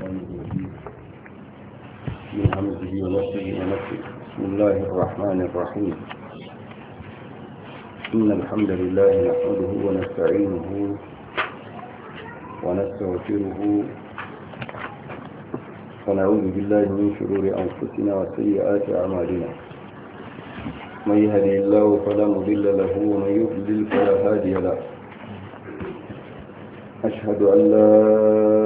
بسم الله الرحمن الرحيم إن الحمد لله نحمده ونستعينه ونستغفره ونعوذ بالله من شرور أنفسنا وسيئات أعمالنا من يهدي الله فلا مضل له ومن يضلل فلا هادي له أشهد أن لا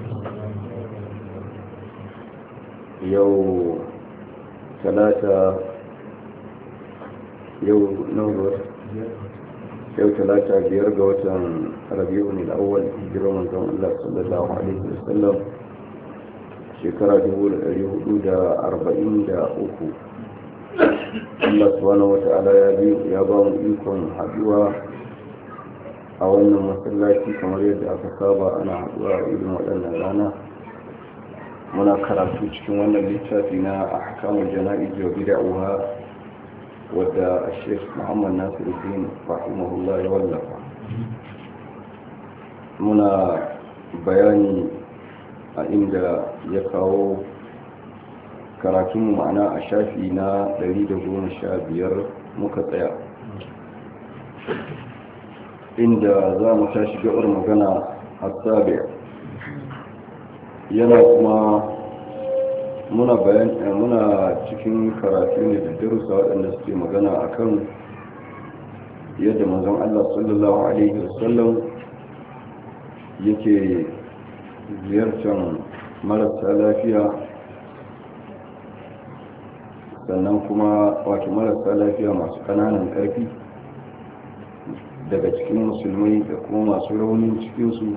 yau talata yau nawa yau talata biyar ga watan rabiu ne da awal hijirar manzon Allah sallallahu alaihi wasallam shekara 443 Allah subhanahu wa ta'ala ya biyu ya ba mu ikon haɗuwa a wannan masallaci kamar yadda aka saba ana haɗuwa a irin waɗannan rana muna karatu cikin wannan littafi na a hakamar jana'iz yau bida'uwa wadda sheikh muhammad nasiruddin rahimahullah ya wallafa muna bayani a inda ya kawo karatun ma'ana a shafi na 115 muka tsaya inda za mu tashi gabar magana a sabiya yana kuma muna bayan eh, muna cikin karatu ne da darussa waɗanda suke magana a kan yadda manzon Allah sallallahu alaihi wasallam yake ziyartar marasa lafiya sannan kuma wato marasa lafiya masu kananan ƙarfi daga cikin musulmai da kuma masu raunin cikinsu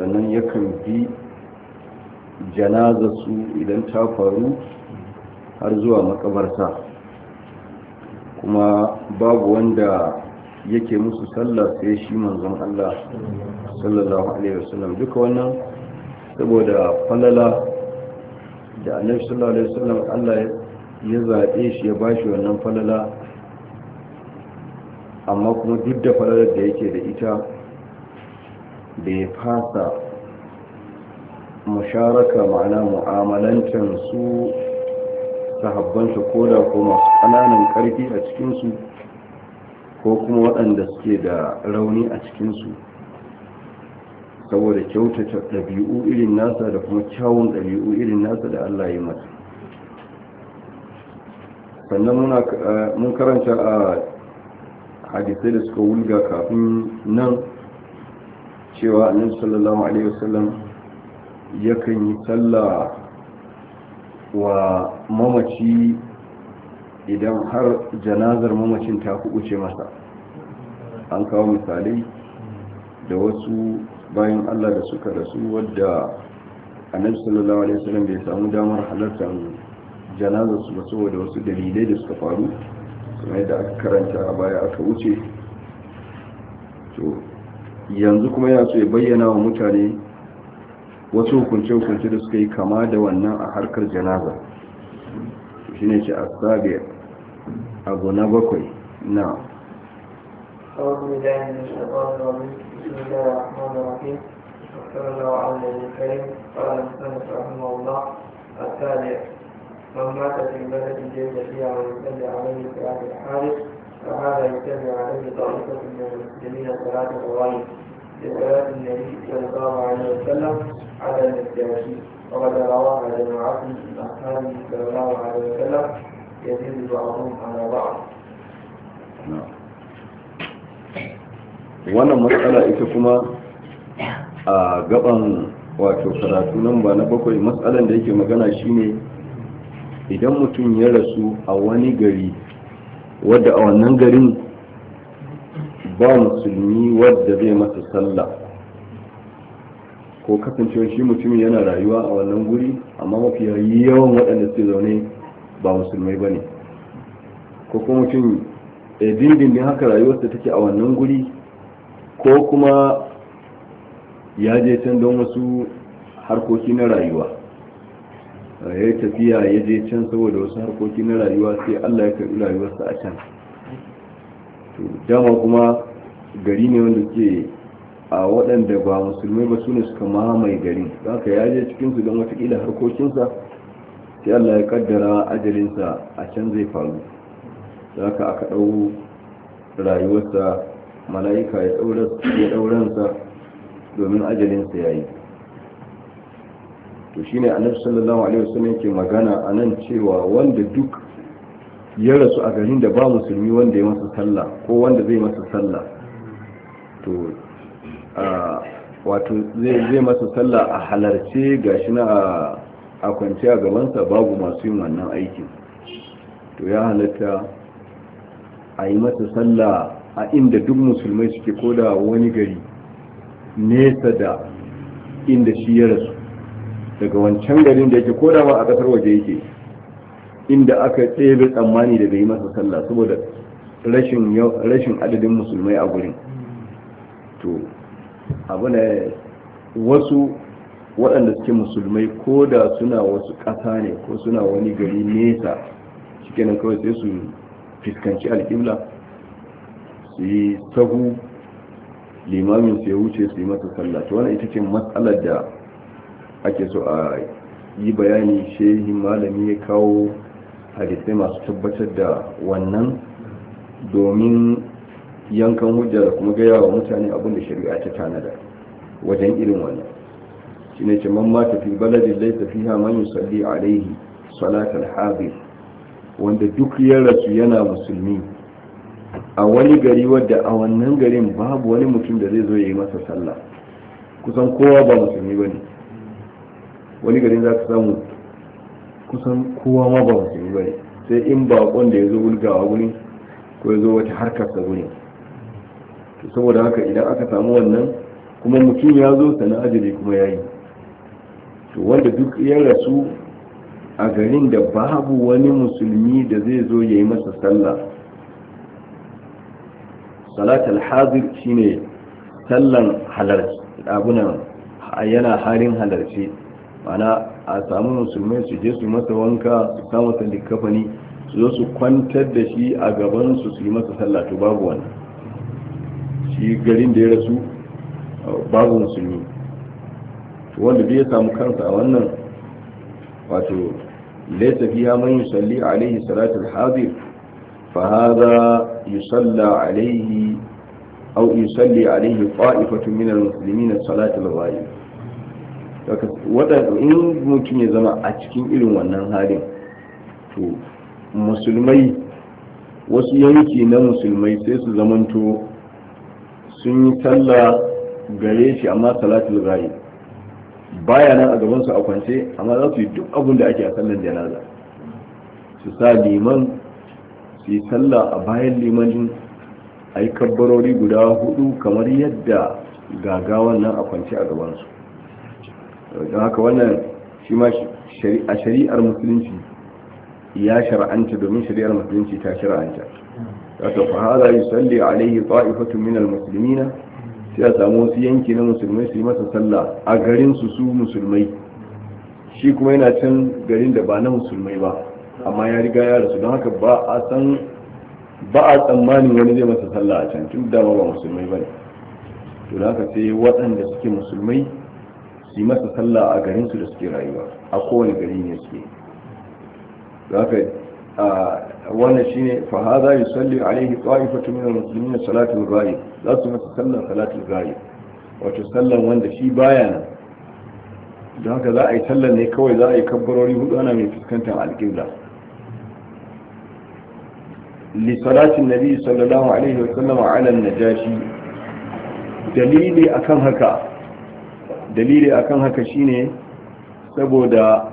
sannan yakan bi janazarsu idan ta faru har zuwa makabarta kuma babu wanda yake musu sallah sai shi manzon Allah sallallahu alaihi wasallam duka wannan saboda falala da annabi sallallahu alaihi wasallam Allah ya zabe shi ya bashi wannan falala amma kuma duk da falalar da yake da ita bai fasa musharaka ma'ana mu'amalancin su sahabbansu ko da ko masu ƙananan ƙarfi a cikinsu ko kuma waɗanda suke da rauni a cikinsu saboda kyautata ɗabi'u irin nasa da kuma kyawun ɗabi'u irin nasa da allah ya mata sannan eh, mun karanta a hadisai da suka wulga kafin nan cewa annabi sallallahu alaihi wasallam yakan yi sallah wa mamaci idan har janazar mamacin ta kubuce masa an kawo misalai da wasu bayan allah da suka rasu wadda annabi sallallahu alaihi wasallam bai samu damar halartar janazar su ba saboda wasu dalilai da suka faru kuma da aka karanta a baya aka wuce to yanzu kuma yana so ya bayyana wa mutane wasu hukunce-hukunce da suka yi kama da wannan a harkar janaza shi ne ce asabi abu na bakwai na الثالث من مات في البلد الجيد فيها ويتبع عليه صلاة الحارس فهذا يتبع عليه طائفة من المسلمين صلاة الغريب لصلاة النبي صلى الله عليه وسلم على النجاشي وقد رواه جماعة من أصحابه صلى الله عليه وسلم يزيد بعضهم على بعض. wannan matsala ita kuma a gaban wato karatu nan ba na bakwai matsalan da yake magana shine idan mutum ya rasu a wani gari wadda a wannan garin ba musulmi wadda zai masa sallah ko kasancewa shi mutumin yana rayuwa a wannan guri amma mafi yawan waɗanda su zaune ba musulmai ba ne ko kuma mutum dindin eh, dindindin haka rayuwarsa take a wannan guri ko kuma ya je can don wasu harkoki na rayuwa eh, ya yi tafiya ya je can saboda wasu harkoki na rayuwa sai allah ya karɓi rayuwarsa a can dama kuma gari ne wanda ke a waɗanda ba musulmai ba su ne suka mamaye gari za ka yaje cikinsu don watakila harkokinsa sai allah ya kaddara ajalinsa a can zai faru za ka aka ɗau rayuwarsa mala'ika ya ɗauransa domin ajalinsa ya yi to shine annabi sallallahu alaihi wasallam yake magana a nan cewa wanda duk ya rasu a garin da ba musulmi wanda ya masa sallah ko wanda zai masa sallah to wato zai masa sallah a halarce gashi na a kwanci a gabansa babu masu yin wannan aikin to ya halatta a yi masa sallah a inda duk musulmai suke koda wani gari nesa da inda shi ya rasu daga wancan garin da yake koda ma a kasar waje yake inda aka tsebe tsammani daga yi masa sallah saboda rashin adadin musulmai a gurin to abu ne wasu waɗanda suke musulmai ko da suna wasu ƙasa ne ko suna wani gari nesa cikin nan kawai sai su fiskanci alƙibla su yi sahu limamin su ya wuce su yi masa sallah to wani ita ce matsalar da ake so a yi bayani shehi malami ya kawo hadisai masu tabbatar da wannan domin yankan hujja da kuma gaya wa mutane abin da shari'a ta tanada wajen irin wannan shi ne cimman mata fi baladin laifin fiha man a alaihi salatar hadir wanda duk ya rasu yana musulmi a wani gari wadda a wannan garin babu wani mutum da zai zo ya yi masa sallah kusan kowa ba musulmi ba ne wani garin za ka samu kusan kowa ma ba musulmi ba ne sai in baƙon da ya zo wulgawa wuri ko ya zo wata harkarsa wurin. to saboda haka idan aka samu wannan kuma mutum ya zo sana ajali kuma ya yi to wanda duk ya rasu a garin da babu wani musulmi da zai zo ya yi masa sallah salatul hazir shine sallan halarci abunan yana halin halarci mana a samu musulmai su je su masa wanka su sa masa kafani su zo su kwantar da shi a gaban su su yi masa sallah to babu wannan shi garin da ya rasu babu musulmi wanda bai samu kansa a wannan wato laisa fiha man yusalli alaihi salatu hadir fa hadha yusalla alaihi aw yusalli alaihi qa'ifatun min almuslimin salatul ghaib waɗanda in mutum ya zama a cikin irin wannan halin to musulmai wasu yanki na musulmai sai su zamanto sun yi talla gare shi amma salatul gari baya nan a gabansu a kwance amma za su yi duk abin da ake a sallar janaza su sa liman su yi talla a bayan limanin a yi kabbarori guda hudu kamar yadda gagawan nan a kwance a gabansu don haka wannan shi ma a shari'ar musulunci ya shara'anta domin shari'ar musulunci ta shara'anta haka fa hada yusalli alaihi ta'ifatu min almuslimina sai a samu wasu yanki na musulmai su yi masa sallah a garin su su musulmai shi kuma yana can garin da ba na musulmai ba amma ya riga ya rasu don haka ba a san ba a tsammanin wani zai masa sallah a can tun dama ba musulmai ba ne to da haka sai waɗanda suke musulmai su yi masa sallah a garin su da suke rayuwa a kowane gari ne suke haka wannan shi ne fahaza yi salli alaihi ƙwa'ifatu minar musulmi na salatun rayu za su masa sallan salatun rayu wato sallan wanda shi baya nan don haka za a yi sallan ne kawai za a yi kabbarori hudu ana mai fuskantar alƙibla lissalatin nabi sallallahu alaihi wasallam a alan najashi dalili akan haka dalili akan haka shine saboda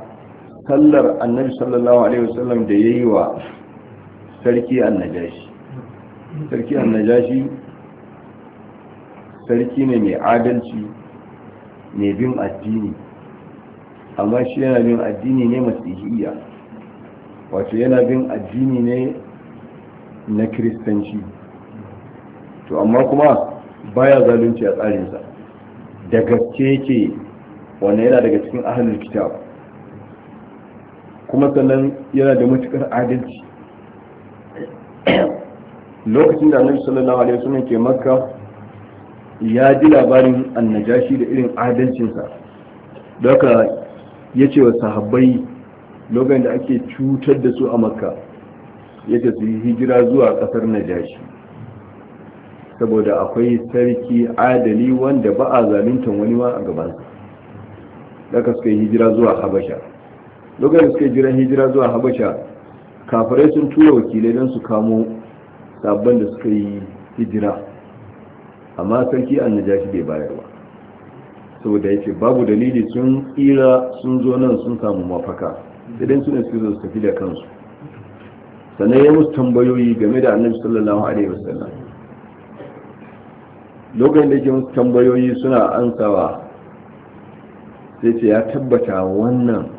sallar annabi sallallahu alaihi wasallam da yayi wa sarki annajashi sarki annajashi sarki ne mai adalci mai bin addini amma shi yana bin addini ne masihiyya wato yana bin addini ne na kiristanci to amma kuma baya zalunci a tsarinsa da gaske yake wannan yana daga cikin ahalin kitab kuma sannan yana da matukar adalci lokacin da annabi sallallahu alaihi wasallam ke makka ya ji labarin annajashi da irin adalcinsa daga ya ce wa sahabbai lokacin da ake cutar da su a makka ya ce su yi hijira zuwa kasar najashi saboda akwai sarki adali wanda ba a zalintan wani ma a gabansa daga suka yi hijira zuwa habasha lokacin suka jira hijira zuwa habasha kafirai sun tura wakilai don su kamo sabon da suka yi hijira amma sarki jashi bai bayarwa saboda ya ce babu dalili sun tsira sun zo nan sun samu mafaka idan suna suke zo su tafi da kansu sannan ya musu tambayoyi game da annabi sallallahu alaihi wasallam lokacin da ke musu tambayoyi suna ansawa sai ce ya tabbata wannan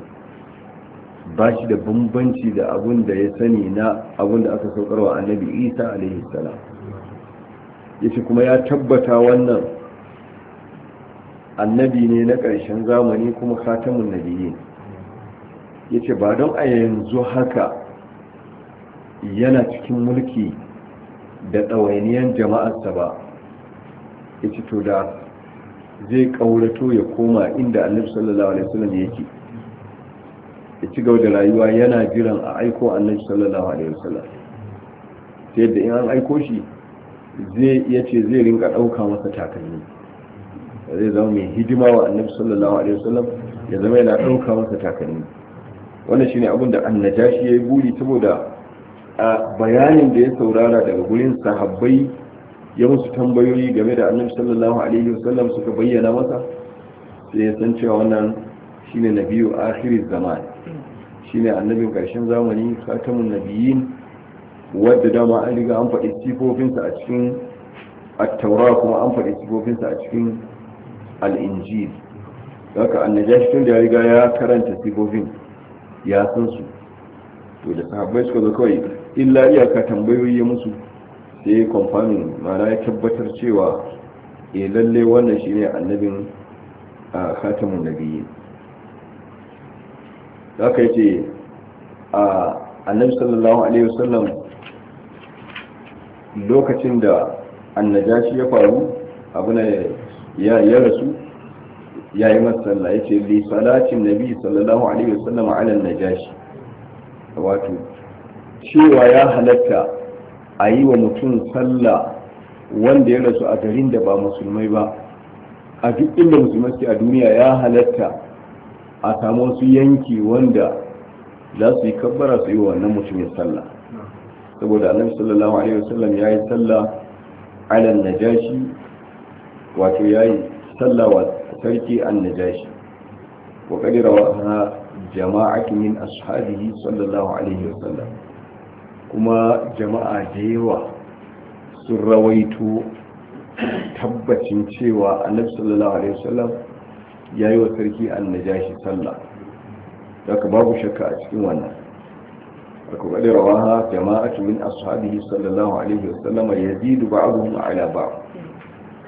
ba shi da bambanci da abun da ya sani na abun da aka saukar wa annabi isa alaihi ya ce kuma ya tabbata wannan annabi ne na ƙarshen zamani kuma khatamun nabiyyi ya ce ba don a yanzu haka yana cikin mulki da ɗawainiyar jama'arsa ba ya ce to da zai ƙaurato ya koma inda annabi sallallahu alaihi wasallam yake ya ci gaba da rayuwa yana jiran a aiko annabi sallallahu alaihi wasallam sai da in an aiko shi zai iya ce zai rinka ɗauka masa takalmi zai zama mai hidima wa annabi sallallahu alaihi wasallam ya zama yana ɗauka masa takalmi wannan shine abin da annajashi ya yi buri saboda a bayanin da ya saurara daga gurin sahabbai ya musu tambayoyi game da annabi sallallahu alaihi wasallam suka bayyana masa sai ya san cewa wannan shine nabiyu akhiriz zamani shine annabin karshen zamani khatamun nabiyin wadda dama an riga an faɗi sifofinsa a cikin attaura kuma an faɗi sifofinsa a cikin al'injil haka annajashi tun da ya riga ya karanta sifofin ya san su to da sahabbai suka zo kawai illa iyaka tambayoyi musu sai kwamfanin mana ya tabbatar cewa e eh, lalle wannan shine annabin a ah, khatamun nabiyin da aka yi ce a annabi sallallahu alaihi wasallam lokacin da annajashi ya faru abuna ya ya rasu ya yi matsala ya ce li salatin nabi sallallahu alaihi wasallam ala najashi wato cewa ya halatta a yi wa mutum sallah wanda ya rasu a garin da ba musulmai ba a duk inda musulmai a duniya ya halatta a samu wasu yanki wanda za su yi kabbara su yi wannan ya sallah saboda annabi sallallahu alaihi wasallam ya yi sallah ala najashi wato ya yi sallah wa sarki an najashi wa kadira wa jama'atu min ashabihi sallallahu alaihi wasallam kuma jama'a da yawa sun rawaito tabbacin cewa annabi sallallahu alaihi wasallam ya yi wa sarki annajashi sallah daga babu shakka a cikin wannan akwai da rawaha jama'atu min ashabihi sallallahu alaihi wasallam yazidu ba'dhum ala ba'd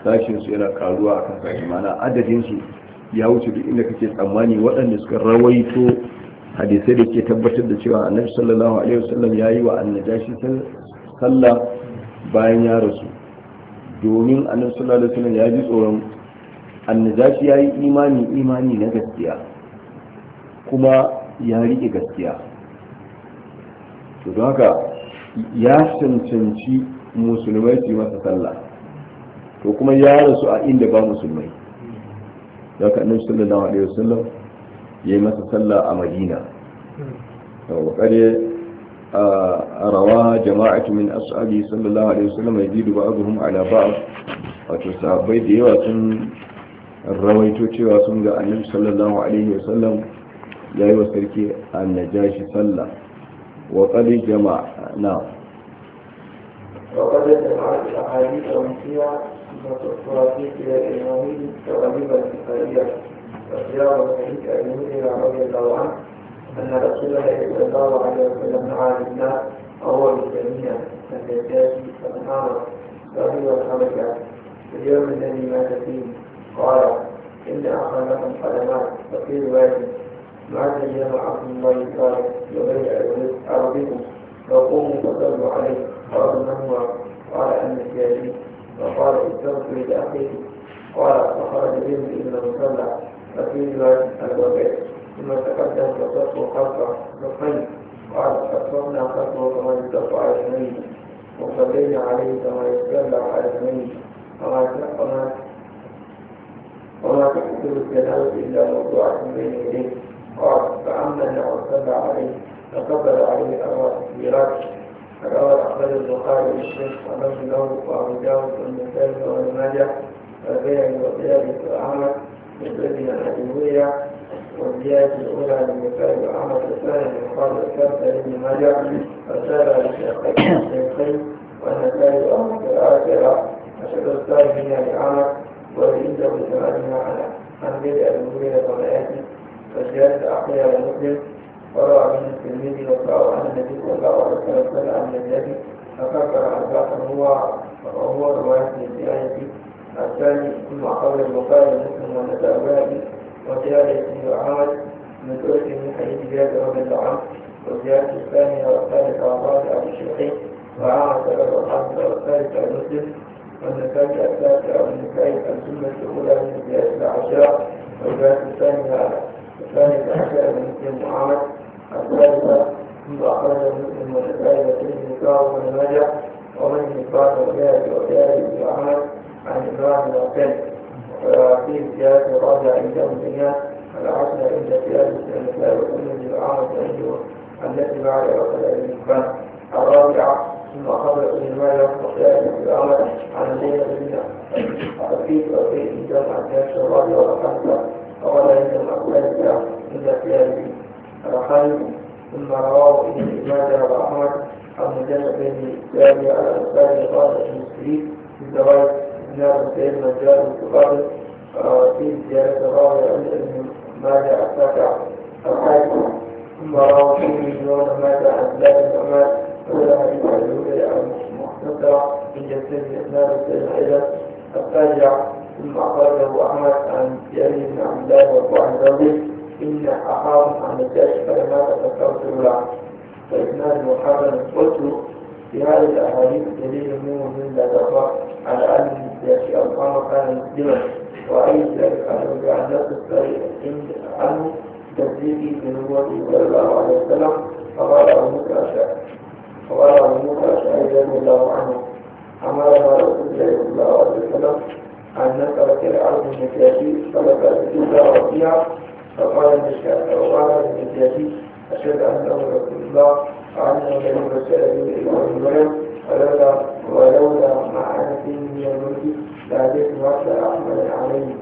sashin su yana karuwa akan sashi mana adadin su ya wuce duk inda kake tsammani waɗanda suka rawaito hadisai da ke tabbatar da cewa annabi sallallahu alaihi wasallam ya yi wa annajashi sallah bayan ya rasu domin annabi sallallahu alaihi wasallam ya ji tsoron annajashi ya yi imani imani na gaskiya kuma ya riƙe gaskiya to don haka ya cancanci musulmai su yi masa sallah to kuma ya rasu a inda ba musulmai da haka annabi sallallahu alaihi wasallam ya yi masa sallah a madina a rawa jama'atu min ashabi sallallahu alaihi wasallam yazidu ba'dhum ala ba'd wato sahabbai da yawa sun rawaito cewa sun ga annabi sallallahu alaihi wasallam ya wa sarki annajashi sallah wa qad jama'a na وقد جمعت نعم. الأحاديث الأمثلة والتراثيق إلى الإمامي كغريب البخارية وسياق الحديث أن يؤمن رضي الله عنه أن رسول الله صلى الله عليه وسلم دعا لله أول أن يجازي فمن أمر صاحب اليوم الذي مات فيه قال إن أخذكم قدماء فقير رواية ما تجمع عبد الله صالح وبين أرضكم فقوموا فصلوا عليه قالوا من هو قال النسياني فقال استغفر لأخيك قال فخرج بهم إلى المصلى ففي رواية الوباء ثم تقدم فصفوا خلفه نصفين قال فصفنا خلفه كما يصف على اثنين وصلينا عليه كما يصلى على فما وما وما تكتب الجنازة إلا موضوع بين يديه قال فأما أنه صلى عليه فقبل عليه أربع تكبيرات فقال أخرج البخاري والشيخ ومن له وأبو داود والنسائي وابن ماجه والبيعي والزيادة وأحمد بالابن الحديوية والزيادة الأولى للنسائي وأحمد الثاني للقاضي الثالثة لابن ماجه والسابعة للشيخين والنسائي وأبو الآخرة أشهد الثاني هي لأحمد وليس بسؤالها على عن بدء الوجود لطبيعته فالجاهل أعطيها والمسلم وروى من التلميذ وقرأ عن النبي صلى الله عليه وسلم سمع من النبي فكفر أربعة هو وهو رواية الآية الثاني ثم قول البخاري المسلم والنسائي وزيادة بن عمر من طرق من حديث جابر رضي الله عنه والزيادة الثانية والثالثة والرابعة للشيخين وعامة الرابعة والثالثة المسلم والزكاة الثالثة والزكاة السنة الأولى من الزكاة العشرة والزكاة الثانية الثانية عشر من مسلم وعمل الثالثة ثم أخرج المسلم والنسائي وتلميذ نكاح ومن ماجه ومن نكاح وجاهد وجاهد وعمل عن إبراهيم وكلب وفيه زيادة الرابعة عند الدنيا العشرة عند زيادة النسائي وتلميذ وعمل التي بعد وصل إلى الرابعة وقال إنما يستطيع العمل عن الليلة بالله فكيف أبيت إذا ما كانش الراجل ولا خمسة قال إنما إلا في هذه الحال ثم رواه ابن ماجه وأحمد عن مجاهد بن جابر على الأنصاري قال المسلمين في زواج نار السيد مجال الكبار في زيارة راوي عند ابن ماجه السابع الحاكم ثم رواه ابن ماجه عن أولئك البدع المحدثة من جنسية نار السلسلة التاجع ثم أخرجه أحمد عن جابر بن عبد الله وابن زوجه إن أخاهم عن الجيش فلما تذكرت له فإسناد محمد قلت في هذه الأحاديث دليل منه من لا تقرأ على أن الجيش الأمر كان مسلما وأي ذلك أنه جعل نفس الطريق عنه تسليمه بنبوته صلى الله عليه وسلم فقال أبو موسى وروى موسى الأشعري رضي الله عنه أمرنا رسول الله صلى الله عليه وسلم أن نترك الأرض المكياجي فلقى الجزء ربيعة فقال المشكاة وقال المكياجي أشهد أنه رسول الله وأنه لم يرسل به إلا الولد ولولا ولولا ما أنا من الملك لهديت مثل أحمد عليه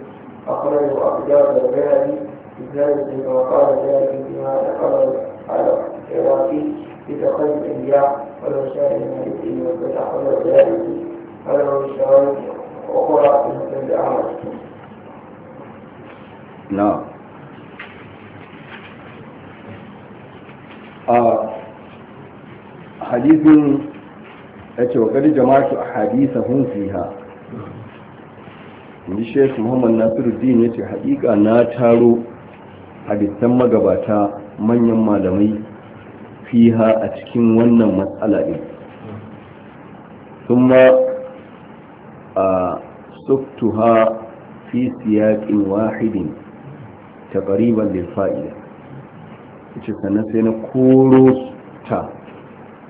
أخرج أخبار البيهقي بذلك وقال ذلك بما ذكره على العراقي ولو شاء الملك ولو ذلك شاء نعم a hadisin ya ce wa ƙari jama'atu a hadisa hun fiha inji sheik muhammad nasiruddin ya ce haƙiƙa na taro hadisan magabata manyan malamai fiha a cikin wannan matsala ɗin kuma a suftuha fi siyaƙin wahidin ta ƙariban da fa'ida ce sannan sai na koro ta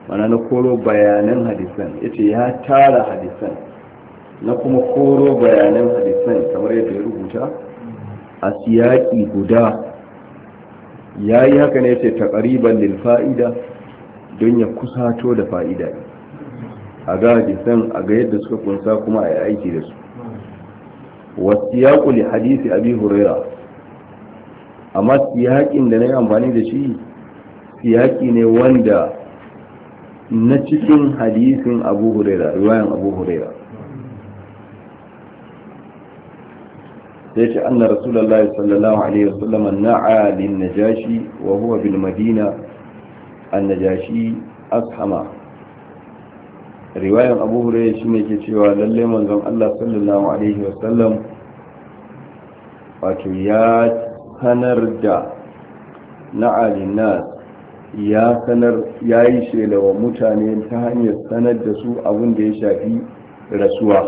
mana na koro bayanan hadisan ya ce ya tara hadisan na kuma koro bayanan hadisan kamar yadda ya rubuta a siyaƙi guda ya yi haka ne ce taƙariban lil fa'ida don ya kusato da fa'ida a ga san a ga yadda suka kunsa kuma a yi aiki da su wasu yaƙuli hadisi abi huraira amma siyaƙin da na yi amfani da shi siyaƙi ne wanda na cikin hadisin abu huraira riwayan abu huraira sai ce anna rasulullahi sallallahu alaihi wasallam na'a lin najashi wa huwa bil madina an najashi ashama riwayan abu hurairah shine ke cewa lalle manzon Allah sallallahu alaihi wasallam wato ya sanar da na'a lin nas ya sanar yayi shela wa mutane ta hanyar sanar da su abin da ya shafi rasuwa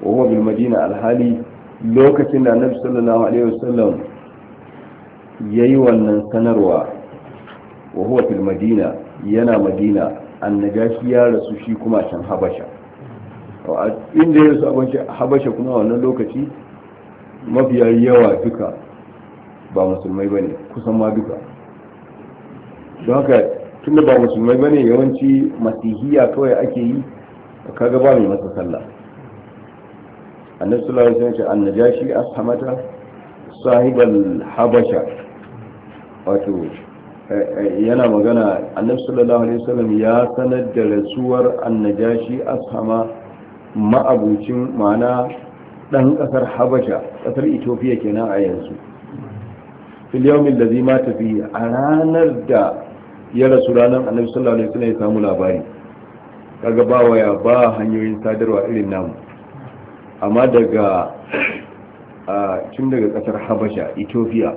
wa huwa bil madina alhali lokacin da annabi sallallahu alaihi wasallam yayi wannan sanarwa wa huwa fil madina yana madina annajashi ya rasu shi kuma can habasha inda ya rasu habasha kuma wannan lokaci mafiya yawa duka ba musulmai bane kusan ma duka don haka tunda ba musulmai bane yawanci masihiya kawai ake yi kaga ba mai masa sallah annabi sallallahu alaihi wasallam ce annajashi ashamata sahibal habasha wato eh, eh, yana magana annabi alaihi wasallam ya sanar da rasuwar annajashi ashama ma'abucin ma'ana dan kasar habasha kasar ethiopia kenan a yanzu fil yawmin ladhi mata fihi a ranar da ya rasu ranar annabi sallallahu alaihi wasallam ya samu labari kaga ba waya ba hanyoyin sadarwa irin namu amma daga tun daga kasar habasha ethiopia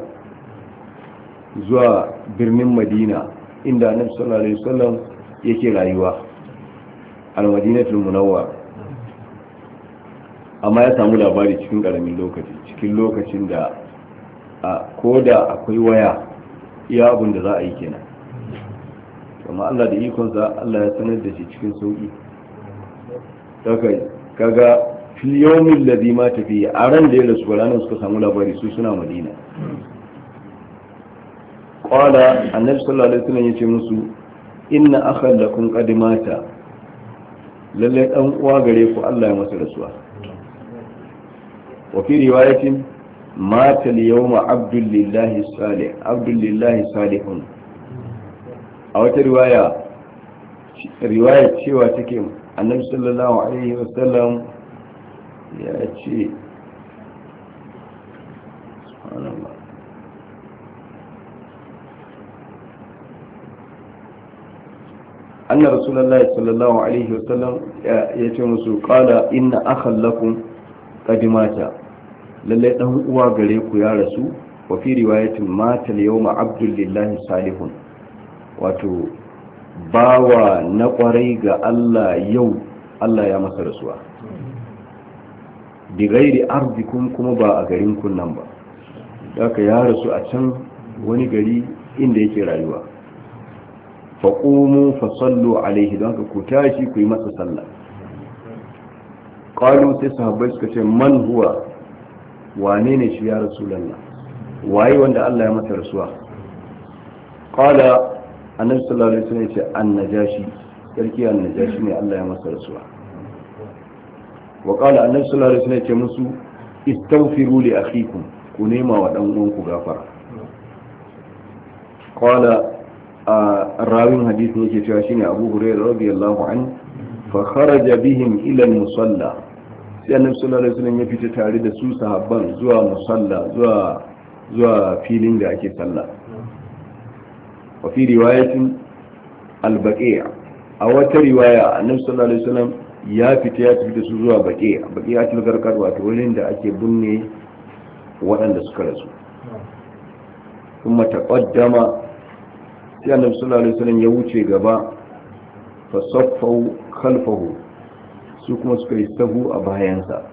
zuwa birnin madina inda annabi sallallahu alaihi yake rayuwa al-madinatul munawwar amma ya samu labari cikin karamin lokaci cikin lokacin da ko da akwai waya iya abin da za a yi kenan amma Allah da ikonsa Allah ya sanar da shi cikin sauki daga kaga fi yawmin ladhi ma tafi a ran da ya rasu ranar suka samu labari su suna madina qala annabi sallallahu alaihi wasallam yace musu inna akhan lakum qad mata lalle dan uwa gare ku Allah ya masa rasuwa wa fi riwayatin mata al-yawma abdullahi salih abdullahi salihun a wata riwaya riwaya cewa take annabi sallallahu alaihi wasallam ya ce anna rasulullahi sallallahu alaihi wasallam ya ce musu qala inna akhan lakum kadimata lallai dan uwa gare ku ya rasu wa fi riwayatin mata al-yawma salihun wato bawa na kwarai ga Allah yau Allah ya masa rasuwa bi gairi kuma ba a garin kunnan ba daga ya rasu a can wani gari inda yake rayuwa faqumu fasallu alaihi don ka ku tashi ku yi masa sallah qalu sai sahabbai suka ce man huwa wane ne shi ya rasulullah waye wanda Allah ya masa rasuwa qala annabi sallallahu alaihi wasallam ya ce annajashi sarki annajashi ne Allah ya masa rasuwa wa qala annabi sallallahu alaihi wasallam yake musu istaghfiru li akhikum ku nema wa dan uwanku gafara qala rawin hadisi yake cewa shine Abu Hurairah radiyallahu anhu fa kharaja bihim ila musalla sai annabi sallallahu alaihi wasallam ya fita tare da su sahabban zuwa musalla zuwa zuwa filin da ake sallah wa fi riwayatin al-baqi' a wata riwaya annabi sallallahu alaihi wasallam ya fita ya tafi da su zuwa baƙe. a ci lagar tilgarkar wato wurin da ake binne waɗanda suka rasu kuma ta taƙaddama sai annabi sallallahu alaihi wasallam ya wuce gaba fa saffau khalfahu su kuma suka yi sahu a bayansa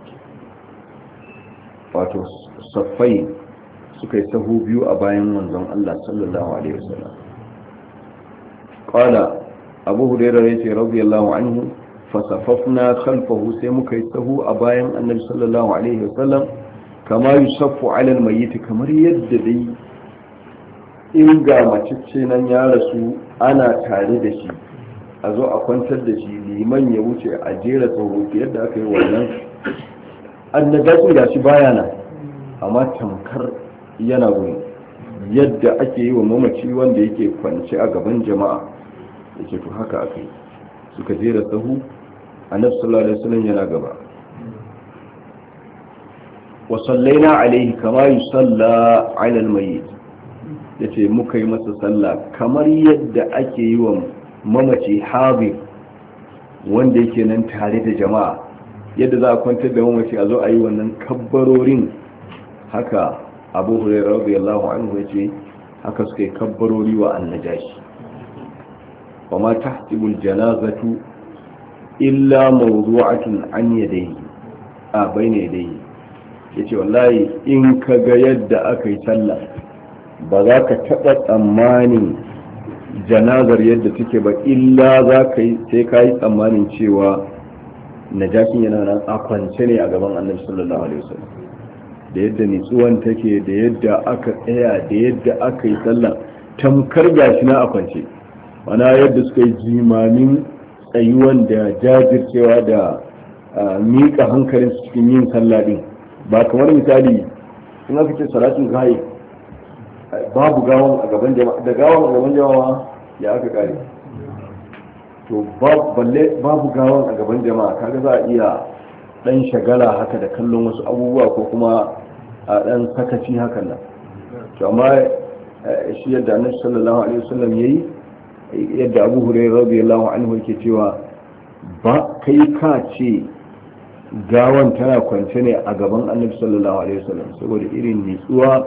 wato saffai suka yi sahu biyu a bayan manzon Allah sallallahu alaihi wasallam qala abu hurairah yace radiyallahu anhu fasafafna khalfahu sai muka yi sahu a bayan annabi sallallahu alaihi wasallam kama yusaffu ala almayyit kamar yadda dai in ga macicce nan ya rasu ana tare da shi a zo a kwantar da shi liman ya wuce a jera sahu yadda aka yi wannan annabi gashi baya nan amma tamkar yana gudu yadda ake yi wa mamaci wanda yake kwance a gaban jama'a yake to haka aka yi suka jera sahu annabi sallallahu alaihi wasallam yana gaba wa sallaina alaihi kama yusalla ala almayyit yace muka yi masa sallah kamar yadda ake yi wa mamaci hadir wanda yake nan tare da jama'a yadda za a kwantar da mamaci a zo a yi wannan kabbarorin haka abu hurairu radiyallahu anhu yace haka suka yi kabbarori wa annajashi wa ma tahtibul janazatu illa mawdu'atun an yadayhi a bayna yadayhi yace wallahi in ka ga yadda aka yi sallah ba za ka taɓa tsammani janazar yadda take ba illa za ka sai ka yi tsammanin cewa najasin yana nan a kwance ne a gaban annabi sallallahu alaihi wasallam da yadda nitsuwan take da yadda aka tsaya da yadda aka yi sallah tamkar gashi na a kwance mana yadda suka yi jimamin tsayuwan da jajircewa da miƙa hankalin su cikin yin sallah din ba kamar misali sun haka ce salatin kai babu gawan a gaban jama'a da gawan a gaban jama'a ya aka kare to balle babu gawan a gaban jama'a kaga za a iya dan shagala haka da kallon wasu abubuwa ko kuma a dan sakaci hakan nan to amma eh, shi yadda annabi sallallahu alaihi wasallam yayi yadda abu hurairu radiyallahu anhu yake cewa ba kai ka ce gawan tana kwance ne a gaban annabi sallallahu alaihi wasallam saboda irin nitsuwa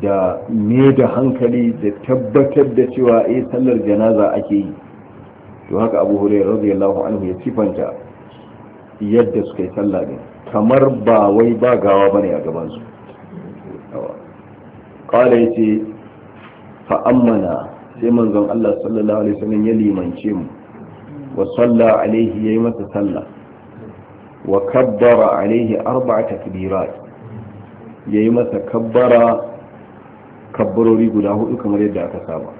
da me da hankali da tabbatar da cewa eh sallar janaza ake yi to haka abu hurairu radiyallahu anhu ya sifanta yadda suka yi sallah ne kamar ba wai ba gawa bane a gabansu su yace fa sai manzon Allah sallallahu alaihi wasallam ya limance mu wa salla alaihi yayi masa sallah wa kabbara alaihi arba'a takbirat yayi masa kabbara kabbarori guda hudu kamar yadda aka saba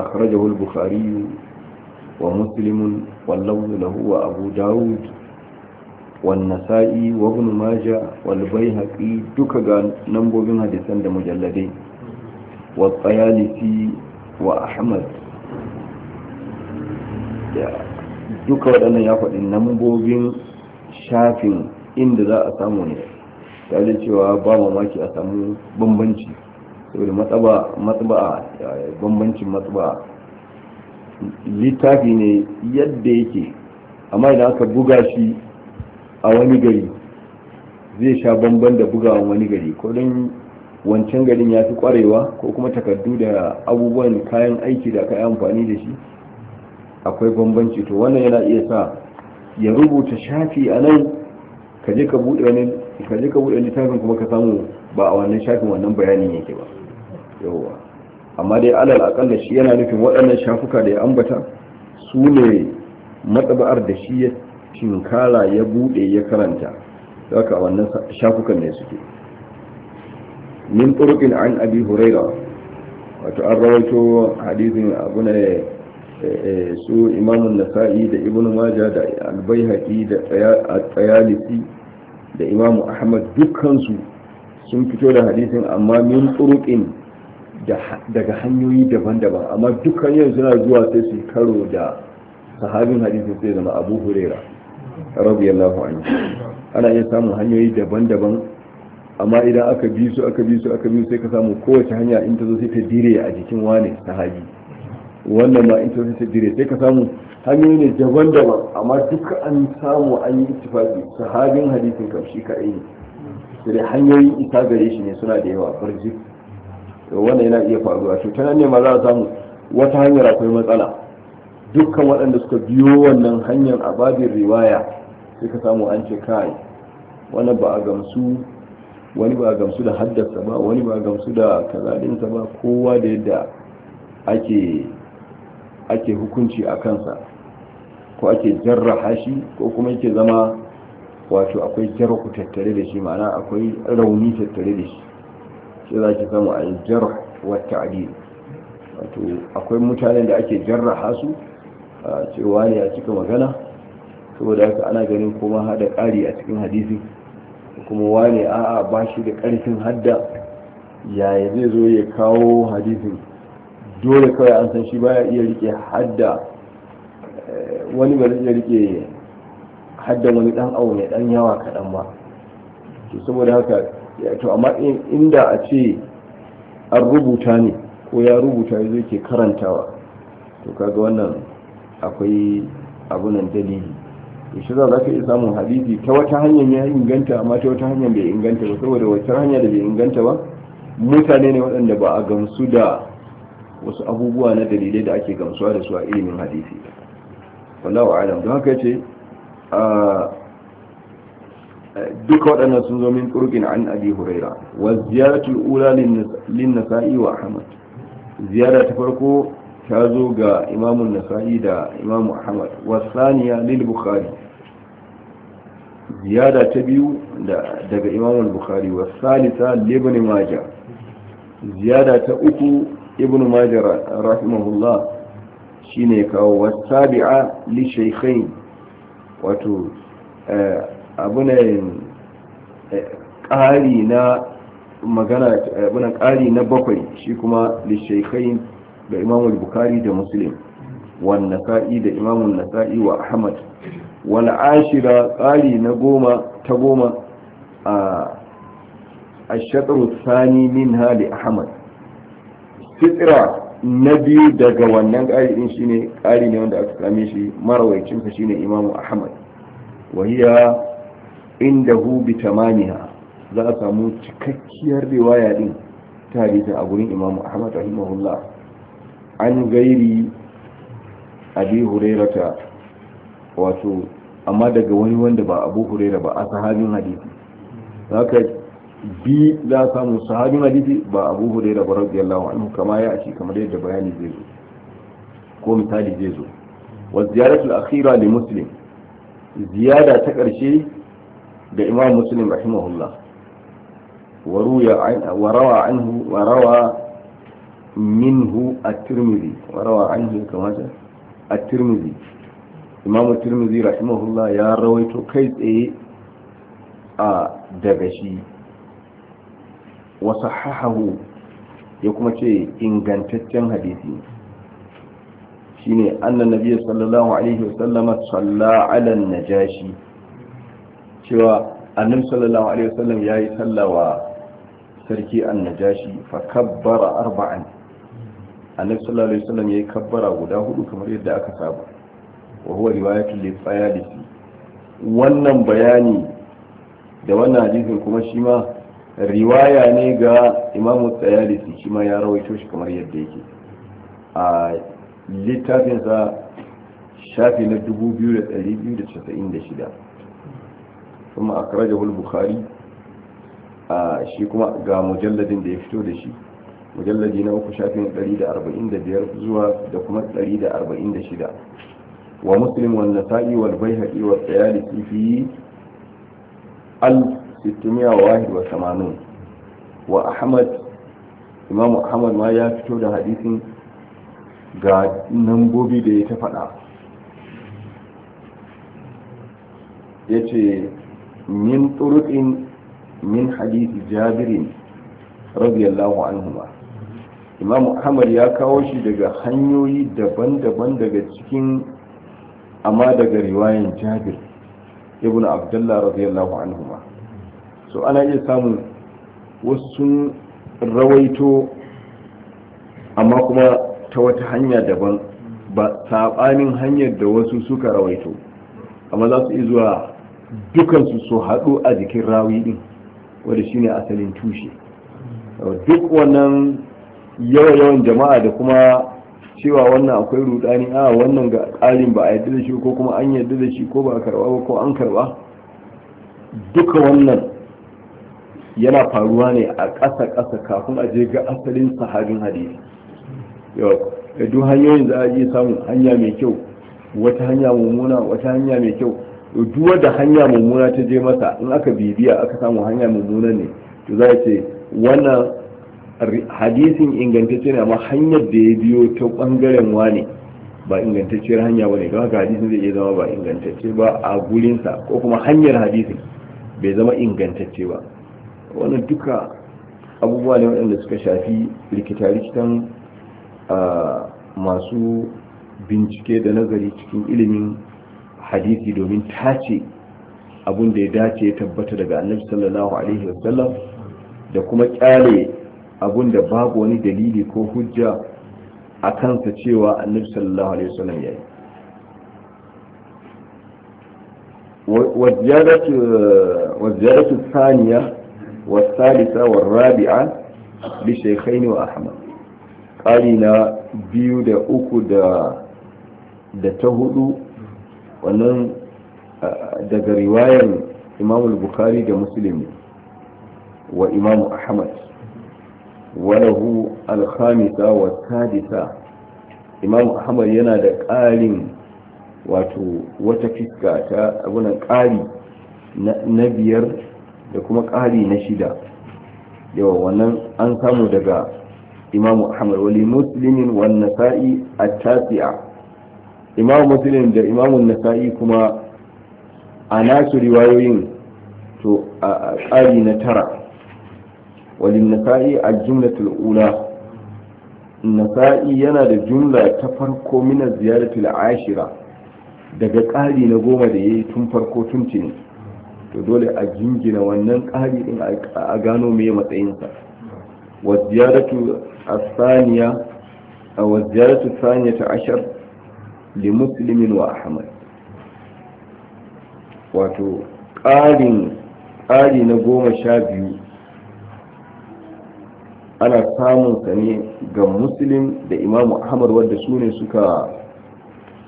akhrajahu al-bukhari wa muslim wallahu lahu wa abu daud والنسائي وابن ماجه والبيهقي duka ga lambobin hadisan da mujalladai wa Ahmad duka waɗannan ya faɗi nambobin shafin inda za a samu ne tare cewa ba mamaki a samu bambanci saboda matsaba bambancin matsaba littafi ne yadda yake amma idan aka buga shi a wani gari zai sha bamban da bugawan wani gari ko wancan garin ya fi kwarewa ko kuma takardu da abubuwan kayan aiki da aka yi amfani da shi akwai bambanci to wannan yana iya sa ya rubuta shafi a nan ka je ka buɗe littafin kuma ka samu ba a wannan shafin wannan bayanin yake ba yawwa amma dai alal akalla shi yana nufin waɗannan shafuka da ya ambata su ne matsabar da shi ya shinkara ya buɗe ya karanta zaka a wannan shafukan ne suke min turuqin an abi huraira wato an rawaito hadithin abu ne eh, eh, su imamun nasa'i da ibn maja da albaihaqi da tsayalisi da imamu ahmad dukkansu sun fito da hadithin amma min turuqin daga hanyoyi daban-daban amma dukkan yin suna zuwa sai su karo da sahabin hadisin sai zama abu huraira radiyallahu anhu ana iya samun hanyoyi daban-daban amma idan aka bi su aka bi su aka bi su sai ka samu kowace hanya in ta zo sai ta dire a jikin wane sahabi wannan ma in ta zo sai ta dire sai ka samu hanyoyi ne daban-daban amma duka an samu an yi ittifaqi sahabin hadisin kam shi kaɗai ne sai dai hanyoyin isa gare shi ne suna da yawa farji wannan yana iya faruwa to ta nan ne ma za a samu wata hanyar akwai matsala dukkan waɗanda suka biyo wannan hanyar a babin riwaya sai ka samu an ce kai wannan ba a gamsu wani ba gamsu da haddasa ba wani ba gamsu da kazaɗinsa ba kowa da yadda ake hukunci a kansa ko ake jarraha shi ko kuma yake zama wato akwai jarhu tattare da shi ma'ana akwai rauni tattare da shi shi za ki samu a yi jarh wata ta'dil wato akwai mutanen da ake jarraha su cewa ne a cika magana saboda haka ana ganin kuma hada ƙari a cikin hadisi kuma wane a'a ba shi da ƙarfin hadda yaya zai zo ya kawo hadisin dole kawai an san shi baya iya rike hadda eh, wani ba zai iya rike haddan wani ɗan awo mai ɗan yawa kaɗan ba to saboda haka to amma inda a ce an rubuta ne ko ya rubuta ya zai ke karantawa to kaga wannan akwai abunan dalili shi za ka iya samun hadisi ta wata hanyar ya inganta amma ta wata hanyar bai inganta ba saboda wata hanya da bai inganta ba mutane ne waɗanda ba a gamsu da wasu abubuwa na dalilai da ake gamsuwa da su a ilimin hadisi wallahu alam don haka ce duka waɗannan sun zo min turkin an abi huraira wa ziyaratul ula lin nasa'i wa ahmad ziyara ta farko ta zo ga imamun nasa'i da imamu ahmad wasaniya lil bukari ziyada ta biyu daga imamun bukari wasalita libin maja ziyada ta uku ibn maja rahimahullah shine kawo wasabi'a li shaykhain wato eh, abunan eh, ƙari na magana eh, abunan na bakwai shi kuma li shaykhain da imamul bukari da muslim wan nasa'i da na nasa'i wa ahmad wani ashira tsari na goma ta goma a ashatru sani min li ahmad fitira na biyu daga wannan ƙari din shine ƙari ne wanda aka same shi marawaicinsa sa shine imamu ahmad wa inda indahu bi tamaniya za a samu cikakkiyar riwaya din ta a gurin imamu ahmad rahimahullah an gairi abi hurairata wato amma daga wani wanda ba abu huraira ba a sahabin hadisi haka bi za samu sahabin hadisi ba abu huraira ba radiyallahu anhu kama ya ashi kamar yadda bayani zai zo ko misali zai zo wa ziyaratul akhira li muslim ziyada ta karshe da imam muslim rahimahullah wa ruya wa rawa anhu wa rawa minhu at-tirmidhi wa rawa anhu kama ta at-tirmidhi imamu tirmidhi rahimahullah ya rawaito kai tsaye a daga shi wa sahahahu ya kuma ce ingantaccen hadisi shine annan nabiy sallallahu alaihi wasallama salla ala najashi cewa annabi sallallahu alaihi wasallam yi sallawa sarki annajashi fa kabbara arba'an annabi sallallahu alaihi wasallam yayi kabbara guda hudu kamar yadda aka saba wa huwa li lifayalisi wannan bayani da wannan hadisin kuma shi ma riwaya ne ga imamu tsayalisi shi ma ya rawaito shi kamar yadda yake a littafinsa shafi na 2296 kuma akrajahu al-bukhari shi kuma ga mujalladin da ya fito da shi mujalladi na uku shafin 145 zuwa da kuma 146 wa muslim wa nasa'i wal baihaqi wa tsayalisi fi al 681 wa ahmad imam ahmad ma ya fito da hadisin ga nambobi da ya ta faɗa ya ce min turuɗin min hadisi jabirin radiyallahu anhu ba imam ahmad ya kawo shi daga hanyoyi daban-daban daga cikin amma daga riwayan jabir ibn abdullah radiyallahu ma so ana iya samun wasu rawaito amma kuma ta wata hanya daban ba sabanin hanyar da wasu suka rawaito amma za su zuwa dukansu su haɗu a jikin rawi din wanda shine asalin tushe duk wannan yawan yawan jama'a da kuma cewa wannan akwai rudani a wannan ga tsarin ba a yadda da shi ko kuma an yadda da shi ko ba a karba ba ko an karba duka wannan yana faruwa ne a ƙasa ƙasa kafin a je ga asalin sahabin hadisi yau duk hanyoyin za a iya samun hanya mai kyau wata hanya mummuna wata hanya mai kyau duk da hanya mummuna ta je masa in aka bibiya aka samu hanya mummuna ne to za a ce wannan hadisin ingantacce ne amma hanyar da ya biyo ta bangaren wane ba ingantacciyar hanya ne don haka hadisin zai iya zama ba ingantacce ba a gurinsa ko kuma hanyar hadisin bai zama ingantacce ba wannan duka abubuwa ne waɗanda suka shafi likita-likitan masu bincike da nazari cikin ilimin hadisi domin tace abin da ya dace ya tabbata daga annabi sallallahu alaihi wasallam da kuma kyale abun da babu wani dalili ko hujja a kansa cewa annabi sallallahu alaihi wasallam yayi والزيادة الثانية والثالثة والرابعة لشيخين وأحمد قالنا biyu da uku da ta hudu wannan daga riwayar imamul bukhari da muslim wa imamu ahmad walahu alhamisa wa sadisa imam ahmad yana da ƙarin wato wata fiska ta abunan ƙari na biyar da kuma ƙari na shida yawa wannan an samu daga imamu ahmad wali muslimin wa nasa'i a tasi'a imamu muslim da imamun nasa'i kuma a a ƙari na tara a وللنسائي الجملة yana da jumla ta farko من الزيارة ashira daga ƙari na goma da ya yi tun farko tun ne to dole a jingina wannan ƙari ɗin a gano mai matsayinsa wa ziyaratu asaniya a wa ziyaratu saniya ta ashar li musulmin wa ahmad wato ƙari na goma sha biyu ana samun sa ne ga muslim da imamu ahmad wadda su ne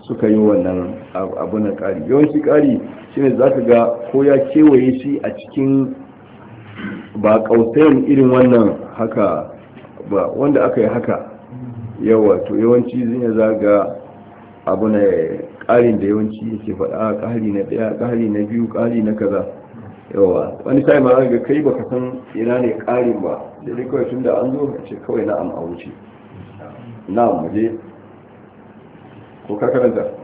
suka yi wannan abu kari ƙari yawanci ƙari shine za ka ga ko ya kewaye shi a cikin ba ƙausayin irin wannan haka ba wanda aka yi haka yawa to yawanci zai za ga abu na ƙarin da yawanci yake faɗa ƙari na ɗaya ƙari na biyu ƙari na kaza yawa wani sa'ima ga kai baka san ina ne ƙarin ba da dai kawai tun da an zo ce kawai na'am a wuce na'am muje ko ka karanta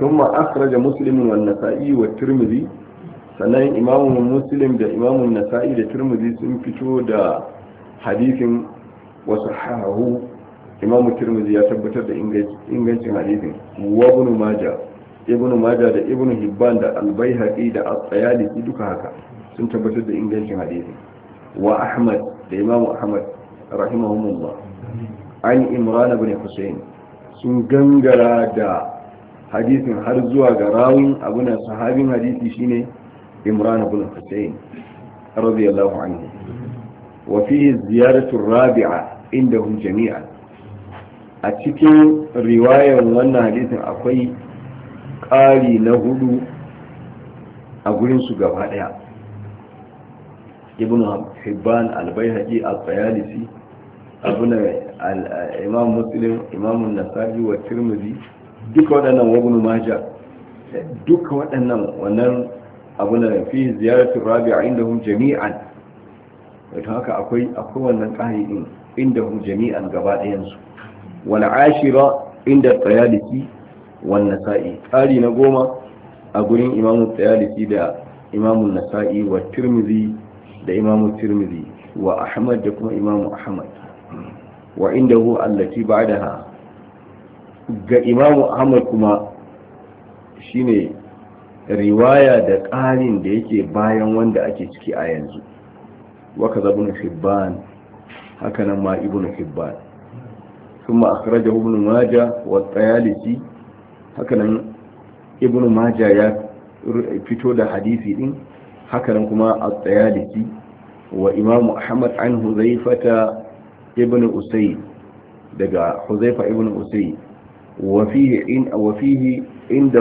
musulmin أخرج nasa'i wa turmizi sannan imamun musulmin da imamun nasa'i da turmuzi sun fito da hadifin wasu hahu imamun turmuzi ya tabbatar da ingancin hadisin wabunu maja ibn maja da ibn hibban da albai haƙi da tsayalisi duka haka sun tabbatar da ingancin hadisin wa ahmad da imamu ahmad rahimahumullah an imran ibn husayn sun gangara da hadisin har zuwa ga rawin abunan sahabin hadisi shine imran ibn husayn radiyallahu anhu wa fihi ziyaratu rabi'a indahum jami'an a cikin riwayar wannan hadisin akwai ƙari na hudu a gurin su gaba ɗaya ibn hibban albayhaqi al-bayalisi abuna eh, imam muslim imam nasa'i wa tirmidhi duka waɗannan wabin maja eh, duka waɗannan wannan abuna fi ziyaratu rabi'a indahum jami'an wato haka akwai akwai wannan ƙari din indahum jami'an gaba ɗayan su wal ashira inda tayalisi wan nasa'i ƙari na goma a gurin imamu tayalisi da imamu nasa'i wa tirmidhi da imamu tirmidhi wa ahmad da kuma imamu ahmad wa inda hu allati ba'daha ga imamu ahmad kuma shine riwaya da ƙarin da yake bayan wanda ake ciki a yanzu waka zabin hibban hakanan ma ibn hibban kuma akhraja ibn majah wa tayalisi hakanan ibn majah ya fito da hadisi din hakanan kuma a tayalisi wa imam ahmad an huzaifata ibn usay daga huzaifa ibn usay wa fihi in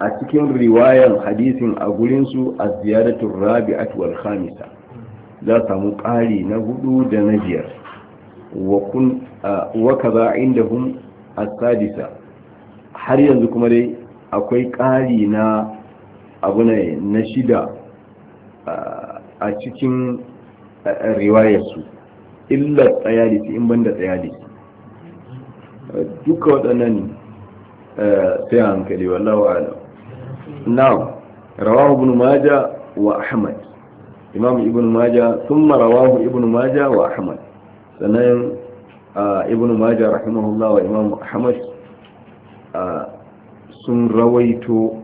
a cikin riwayan hadisin a gurinsu a ziyaratun ziyadatu rabi'atu wal khamisa za samu ƙari na hudu da na biyar wa kaza indahum a sadisa har yanzu kuma dai akwai ƙari na abu na shida a cikin riwayarsu illa tsayalisi in banda tsayalisi duka waɗannan sai hankali wallahu alam now rawahu ibn maja wa ahmad imam ibn majah thumma rawahu ibn maja wa ahmad sannan ibn maja rahimahullah wa imam ahmad sun rawaito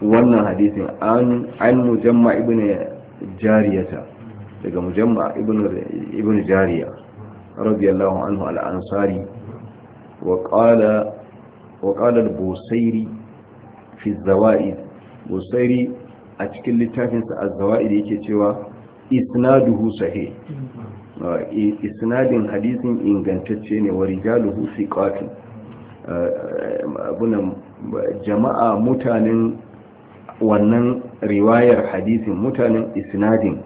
wannan hadisin an an mujamma ibn jariyata daga mujamma ibn jariya radiyallahu anhu alansari wa busairi fi zawaid busairi a cikin littafinsa a zawaid yake cewa isnaduhu sahih uh, isnadin hadisin ingantacce ne wa rijaluhu ƙafi uh, uh, abunan jama'a mutanen wannan riwayar hadisin mutanen isnadin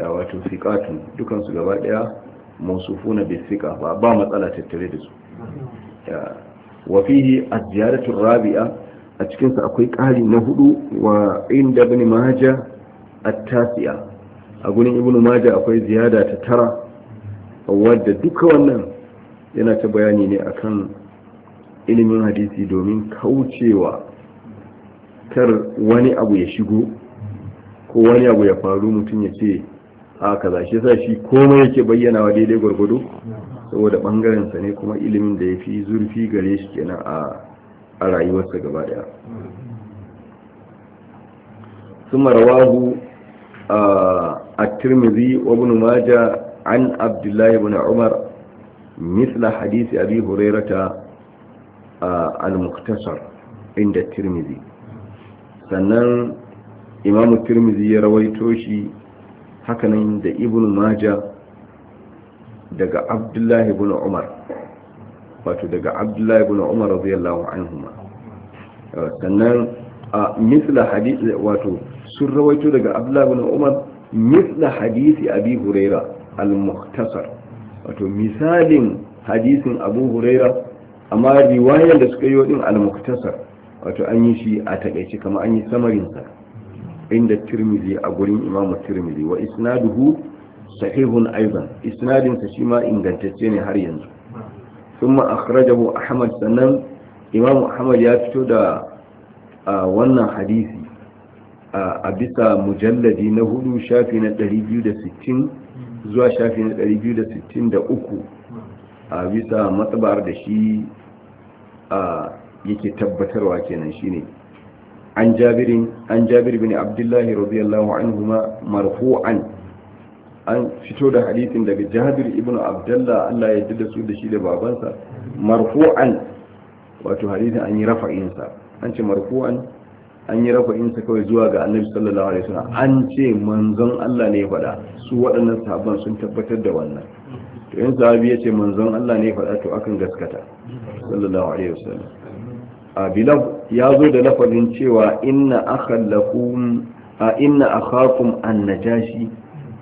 da wato fiƙatun dukansu gaba ɗaya mausufuna bai fiƙa ba ba matsala tattare da su wafihi a ziyaratun rabi'a a cikinsu akwai ƙari na hudu wa inda bani maja a tasiya a gurin ibn maja akwai ziyada ta tara wadda duka wannan yana ta bayani ne akan ilimin hadisi domin kaucewa kar wani abu ya shigo ko wani abu ya faru mutum ya ce a kaza shi sa shi komai yake bayyana wa daidai gwargwado saboda sa ne kuma ilimin da ya fi zurfi gare shi kenan a rayuwarsa gaba daya a رواه الترمذي maja ماجه عن عبد الله umar عمر hadisi حديث أبي هريرة المختصر inda الترمذي sannan imamu turmizi ya rawaito shi hakanan da ibn maja daga abdullahi ibn umar wato daga abdullahi ibn umar radiyallahu anhuma sannan a misla hadisi wato sun rawaito daga abdullahi ibn umar misla hadisi abi huraira al-muhtasar wato misalin hadisin abu huraira amma riwayar da suka yi wadin al-muhtasar wato an yi shi a takaice kama an yi samarinsa inda tirmizi a gurin imamu tirmizi wa isnaduhu sahihun aizan isnadinsa shima ma ingantacce ne har yanzu sun ma akhrajahu ahmad sannan imamu ahmad ya fito da wannan hadisi a bisa mujalladi na hudu shafi na 260 zuwa shafi na uku, a bisa matsabar da shi yake tabbatarwa kenan shine an jabirin an jabir bin abdullahi radiyallahu anhuma marfu'an an fito da hadisin daga jabir ibnu abdullah Allah ya yarda su da shi da babansa marfu'an wato hadisin an yi rafa'in sa an ce marfu'an an yi rafa'in sa kawai zuwa ga annabi sallallahu alaihi wasallam an ce manzon Allah ne ya faɗa su waɗannan sahabban sun tabbatar da wannan to in sahabi ya ce manzon Allah ne ya faɗa to akan gaskata sallallahu alaihi wasallam bilal ya zo da lafazin cewa inna akhallakum a inna akhakum annajashi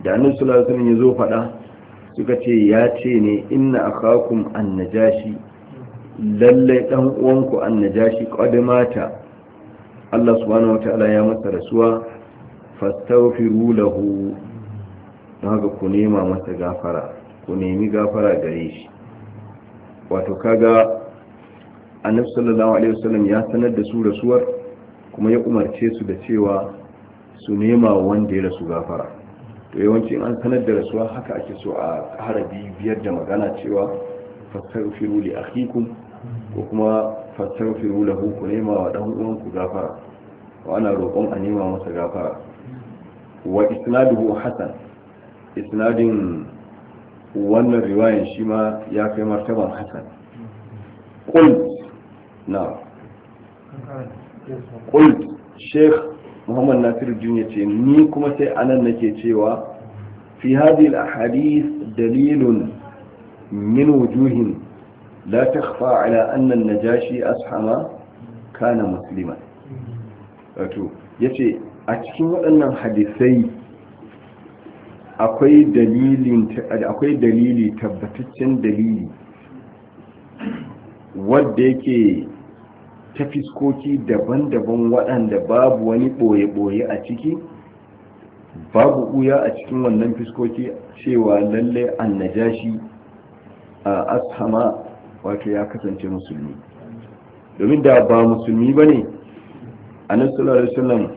da annabi sallallahu alaihi wasallam ya zo fada suka ce ya ce ne inna akhakum annajashi lalle dan uwanku annajashi qad mata Allah subhanahu wataala ya masa rasuwa fastaghfiru lahu haka ku nema masa gafara ku nemi gafara gare shi wato kaga annabi sallallahu alaihi wasallam ya sanar da su rasuwar kuma ya umarce su da cewa su nema wanda ya rasu gafara to yawanci an sanar da rasuwa haka ake so a harabi biyar da magana cewa fastaghfiru li akhikum ko kuma fastaghfiru lahu ku nema wa dan uwanku gafara wa ana roƙon a nema masa gafara wa isnaduhu hasan isnadin wannan riwayan shi ma ya kai martaban hasan qul na ƙul sheikh muhammad nasir jun ce ni kuma sai anan nake cewa fi hadhihi al dalilun min wujuhin la takhfa ala anna an-najashi ashama kana musliman wato yace a cikin waɗannan hadisai akwai dalili tabbataccen dalili wadda yake ta fiskoki daban-daban waɗanda babu wani ɓoye-ɓoye a ciki babu ɓuya a cikin wannan fiskoki cewa lalle annajashi a ashama wato ya kasance musulmi domin da ba musulmi ba ne a nan sallallahu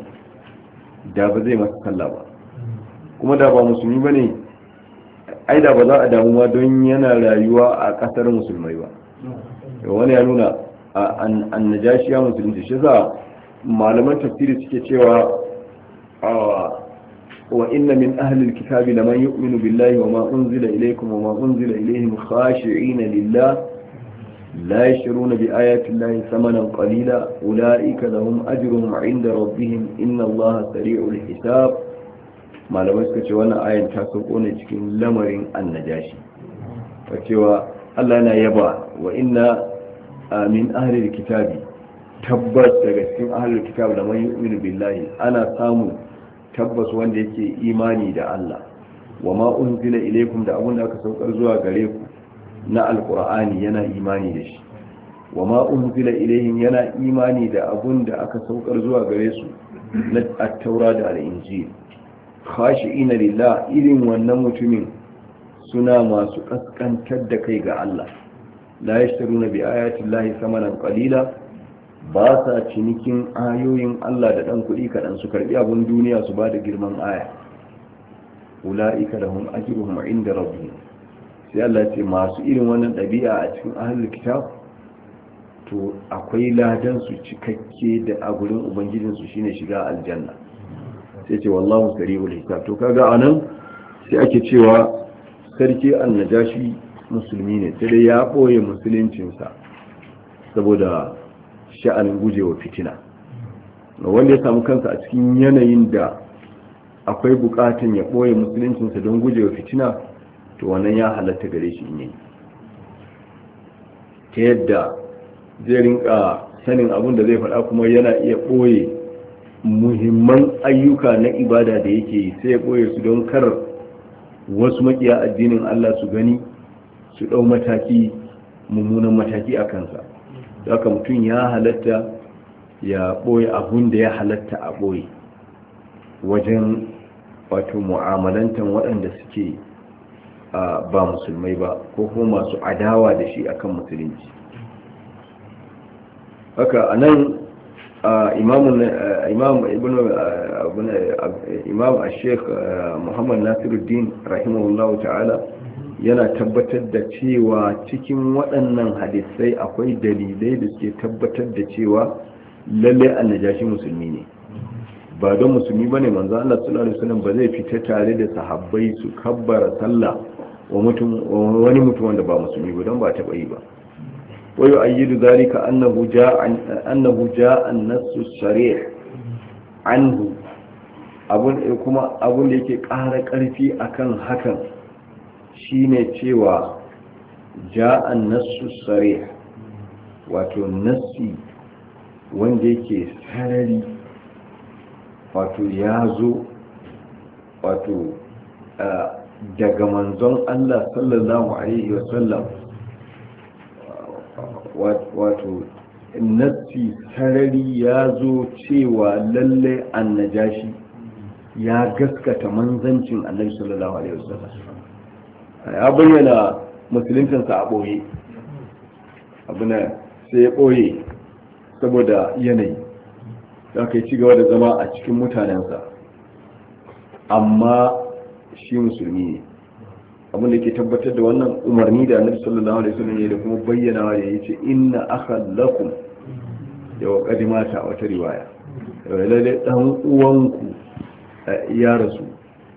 da ba zai masa kalla ba kuma da ba musulmi ba ne ai da ba za a damuwa don yana rayuwa a ƙasar musulmai ba wani ya nuna annajashi ya musulunci shi za malaman tafsiri suke cewa wa inna min ahlil kitabi laman yu'minu billahi wa ma unzila ilaykum wa ma unzila ilayhim khashi'ina lillah لا يشترون بآيات الله ثمنا قليلا أولئك لهم أجرهم عند ربهم sari'ul hisab سريع suka ce wannan يسكت ta آية ne cikin lamarin annajashi cewa Allah na yaba wa inna Amin ahlil kitabi tabbas daga cikin ahlil kitabi da mai yu'minu billahi ana samu tabbas wanda yake imani da Allah wa ma unzila ilaykum da abin da aka saukar zuwa gare ku na alqur'ani yana imani da shi wa ma unzila ilayhim yana imani da abun da aka saukar zuwa gare su na at-taura da al-injil khashi'ina lilla irin wannan mutumin suna masu kaskantar da kai ga Allah la yashtaruna bi ayati llahi samanan qalila ba sa cinikin ayoyin Allah da dan kudi kaɗan su karbi abun duniya su bada girman aya ula'ika lahum ajruhum inda rabbihim sai Allah ce masu irin wannan dabi'a a cikin ahlul kitab to akwai ladan su cikakke da a gurin ubangijin su shine shiga aljanna sai ce wallahu sari'ul hisab to kaga anan sai ake cewa sarki annajashi musulmi ne sai dai ya ɓoye musuluncinsa saboda sha'anin gujewa fitina wanda ya samu kansa a cikin yanayin da akwai bukatun ya ɓoye musuluncinsa don gujewa fitina to wannan ya halatta gare shi ne ta yadda zai rinka sanin abin da zai faɗa kuma yana iya ɓoye muhimman ayyuka na ibada da yake sai ya ɓoye su don kar wasu maƙiya addinin Allah su gani su ɗau mataki mummunan mataki a kansa haka mutum ya halatta ya ɓoye abun da ya halatta a ɓoye wajen wato mu'amalantar waɗanda suke ba musulmai ba ko kuma masu adawa da shi akan musulunci haka a nan imam a sheik muhammad nasiruddin rahimahullahu ta'ala yana tabbatar da cewa cikin waɗannan hadisai akwai dalilai da suke tabbatar da cewa lallai annajashi musulmi ne ba don musulmi ba ne manzan Allah sallallahu alaihi ba zai fita tare da sahabbai su kabbara sallah wa wani mutum wanda ba musulmi ba don ba taɓa yi ba wa yu'ayyidu zalika annahu ja'a annahu ja'a an-nassu kuma abun da yake ƙara ƙarfi akan hakan shine cewa ja'an nassu tsare wato nassi wanda yake sarari wato ya zo wato daga manzon Allah sallallahu alaihi wasallam wato nassi sarari ya zo cewa lalle annajashi ya gaskata manzancin annabi sallallahu alaihi wasallam ya bayyana musuluncinsa a ɓoye abuna sai ya ɓoye saboda yanayi da kai yi cigaba da zama a cikin mutanensa amma shi musulmi ne abin da ke tabbatar da wannan umarni da annabi sallallahu alaihi wasallam ya da kuma bayyanawa da yace inna akhallakum ya wa kadimata wata riwaya lalle dan uwanku eh, ya rasu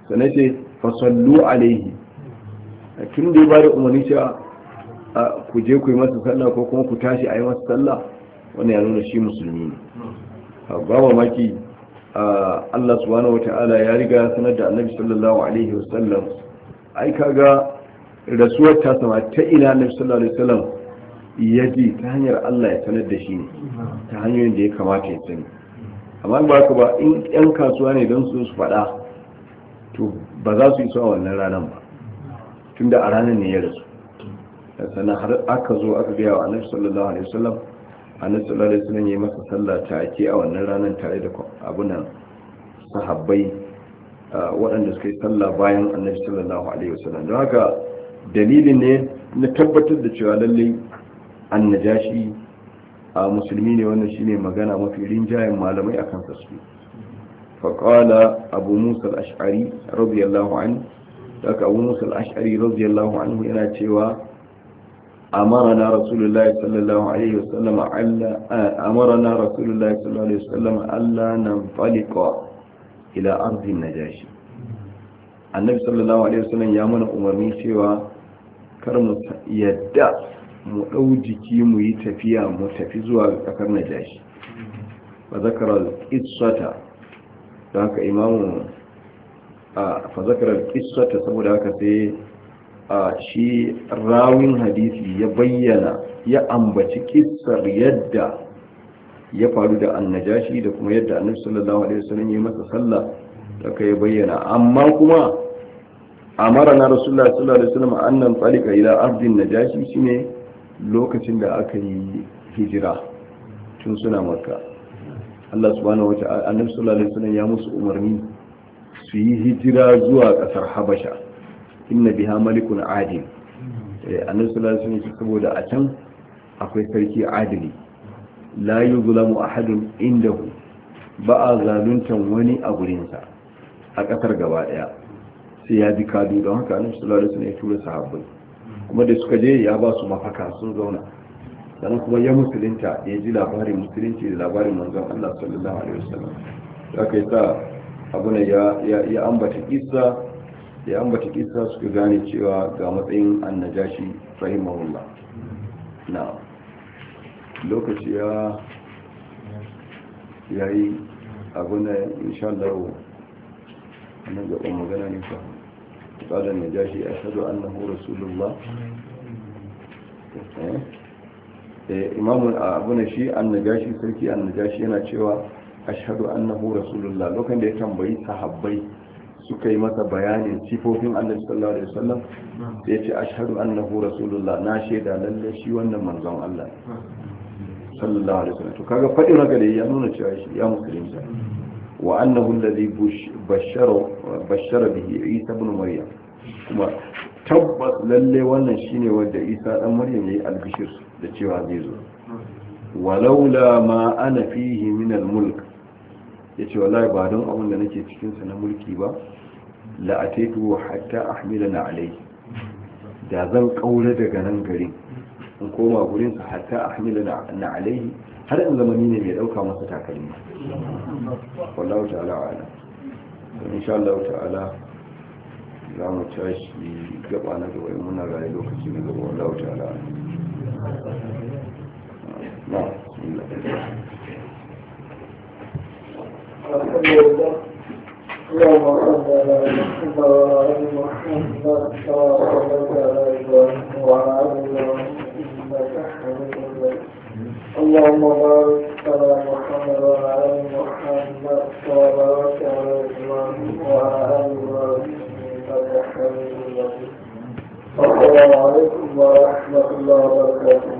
sanace ce fasallu alaihi tun da ya ba da umarni cewa ku je ku yi masa sallah ko kuma ku tashi a yi masa sallah wannan ya nuna shi musulmi ne ba mamaki Allah subhanahu wata'ala ya riga sanar da annabi sallallahu alaihi wasallam ai kaga rasuwar ta sama ta ina annabi sallallahu alaihi wasallam ya ji ta hanyar Allah ya sanar da shi ne ta hanyoyin da ya kamata ya sani amma ba ka ba in yan kasuwa ne don su faɗa to ba za su yi wannan ranar ba tunda a ranar ne ya rasu sannan har aka zo aka gaya wa annabi sallallahu alaihi wasallam annabi sallallahu alaihi wasallam ya masa sallah ta ake a wannan ranar tare da abunan sahabbai waɗanda suka yi sallah bayan annabi sallallahu alaihi wasallam don haka dalilin ne na tabbatar da cewa lalle annajashi a musulmi ne wannan shine magana mafi rinjayen malamai akan tasbih faqala abu musa al-ash'ari radiyallahu anhu daga abu musa al'ashari radiyallahu anhu yana cewa amarana rasulullahi sallallahu alaihi wasallam alla amarana rasulullahi sallallahu alaihi wasallam alla nanfaliqa ila ardhin najashi annabi sallallahu alaihi wasallam ya mana umarni cewa kar mu yadda mu dau jiki mu yi tafiya mu tafi zuwa kasar najashi wa zakara al-qissata da haka imamu fa zakara qissata saboda haka sai shi rawin hadisi ya bayyana ya ambaci kissar yadda ya faru da annajashi da kuma yadda annabi sallallahu alaihi wasallam ya masa sallah da ya bayyana amma kuma amara na rasulullah sallallahu alaihi wasallam annan falika ila ardin najashi shine lokacin da aka yi hijira tun suna makka Allah subhanahu wa ta'ala annabi sallallahu alaihi wasallam ya musu umarni su yi hijira zuwa kasar habasha inna biha malikun adil eh, annabi sallallahu alaihi wasallam saboda a can akwai sarki adili la yuzlamu ahadun indahu ba a zaluntan wani a gurinsa a kasar gaba daya sai ya bi kadu don haka annabi sallallahu alaihi wasallam ya tura sahabbai kuma da suka je ya ba su mafaka sun zauna dan kuma ya musulunta ya ji labarin musulunci da labarin manzon Allah sallallahu alaihi wasallam haka yasa abu ne ya ambata kisa ya ambata suka gane cewa ga matsayin annajashi rahimahullah na lokaci ya yayi abu ne insha Allah annan ga magana ne fa qala najashi ashhadu annahu rasulullah eh? eh imamu abu ne shi annajashi sarki annajashi yana cewa ashhadu annahu rasulullah lokacin da ya tambayi sahabbai suka yi masa bayanin sifofin allah sallallahu alaihi wasallam sai ya ce ashhadu annahu rasulullah na shaida lalle shi wannan manzon Allah sallallahu alaihi wasallam to kaga fadin haka da ya nuna cewa shi ya musulunta wa annahu alladhi bashara bashara bihi isa ibn maryam kuma tabbas lalle wannan shine wanda isa dan maryam yayi albishir da cewa zai zo walaula ma ana fihi min almulk ya ce wallahi ba don abin da nake cikinsa na mulki ba la'ataitu hatta ahmila na alai da zan kaure daga nan garin in koma gurin gurinsa hatta ahmila na alai har in zamani ne mai dauka masa takalmi wallahu ta'ala ala insha Allah ta'ala za mu tashi gaba na gaba muna rayu lokaci na gaba wallahu ta'ala ala na اللهم صل على محمد وعلى ال محمد كما صليت على ابراهيم وعلى ال ابراهيم انك حميد مجيد اللهم بارك على محمد وعلى ال محمد وعلى باركت على ابراهيم وعلى ال ابراهيم انك حميد مجيد السلام عليكم ورحمه الله وبركاته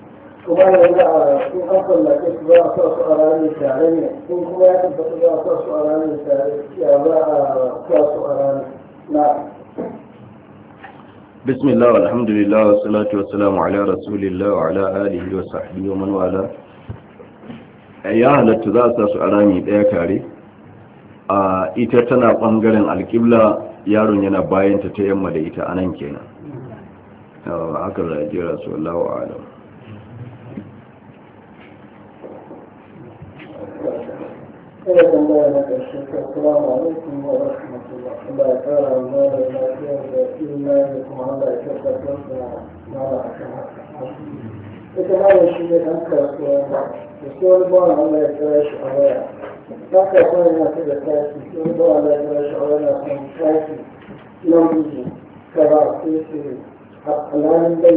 kuma yanzu a sun an tsallake su za a sa su a ranar tare ne sun kuma ya tabbata za a sa su a ranar tare ya za a sa su a na بسم الله والحمد لله والصلاة والسلام على رسول الله وعلى آله وصحبه ومن والاه ya halatta za su su a rami ɗaya kare a ita tana ɓangaren alƙibla yaron yana bayanta ta yamma da ita a nan kenan haka za a jera su lawa alam kada kan baya na ƙarshe assalamu alaikum wa rahmatullah Allah ya kara wa da lafiya da imani da kuma Allah ya tabbatar da mara a kan ita ma da shi ne ɗan kasuwa da sai wani bawan Allah ya kira shi a waya ta kasuwa yana ta da tashi wani bawan kira shi a bai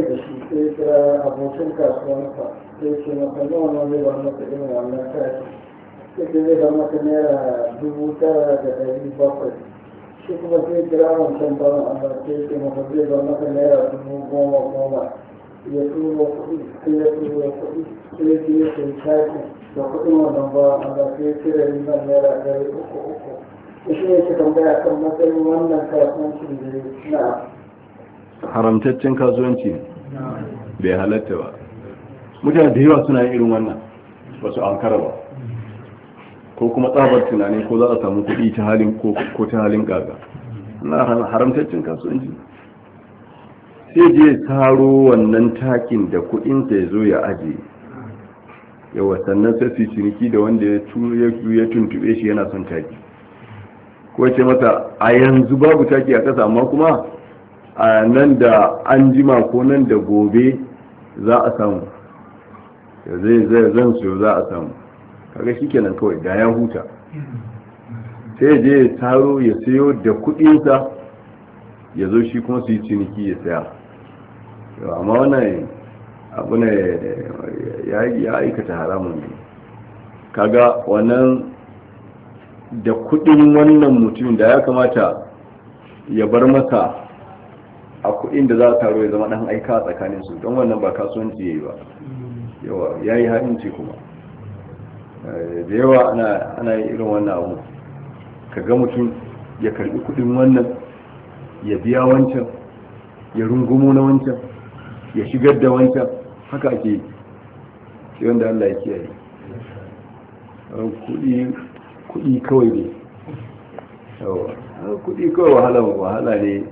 da shi sai abokin sai wani wani yadda zai ba mata naira dubu tara da dari bakwai shi kuma sai kira wancan bawan amma sai ce mata zai ba mata naira dubu goma goma ya turo kuɗi sai ya turo kuɗi sai ya biya sai taki da kuɗin wannan ba amma sai ya cire riban naira dari uku uku shi ne ke tambaya kan matsayin wannan kasuwancin da na haramtaccen kasuwanci bai halatta ba mutane da yawa suna irin wannan ba su an ba ko kuma tsabar tunanin ko za a samu kuɗi ta halin ko ta halin gaga na haramtaccen kasuwanci sai je taro wannan takin da kuɗin kuɗinsa ya zo ya aje yawa sannan sai su ciniki da wanda ya ya tuntube shi yana son taki ko ce mata a yanzu babu taki a ƙasa amma kuma a nan da an jima ko nan da gobe za a samu zai zai zan sayo za a samu kaga shi kenan kawai da ya huta sai je ya taro ya sayo da kudinsa ya zo shi kuma su yi ciniki ya saya amma wannan abu ne ya aikata haramun ne kaga wannan da kudin wannan mutum da ya kamata ya bar masa a kudin da za a taro ya zama dan aika a tsakaninsu don wannan ba kasuwanci ya yi ba yawa ya yi haɗin ce kuma Eh, da yawa ana yin irin wannan abu ka ga mutum ya karbi kudin wannan ya biya wancan ya rungumo na wancan ya shigar da wancan haka ake yi wanda Allah ya kiyaye kudi kawai ne kudi kawai wahala wahala ne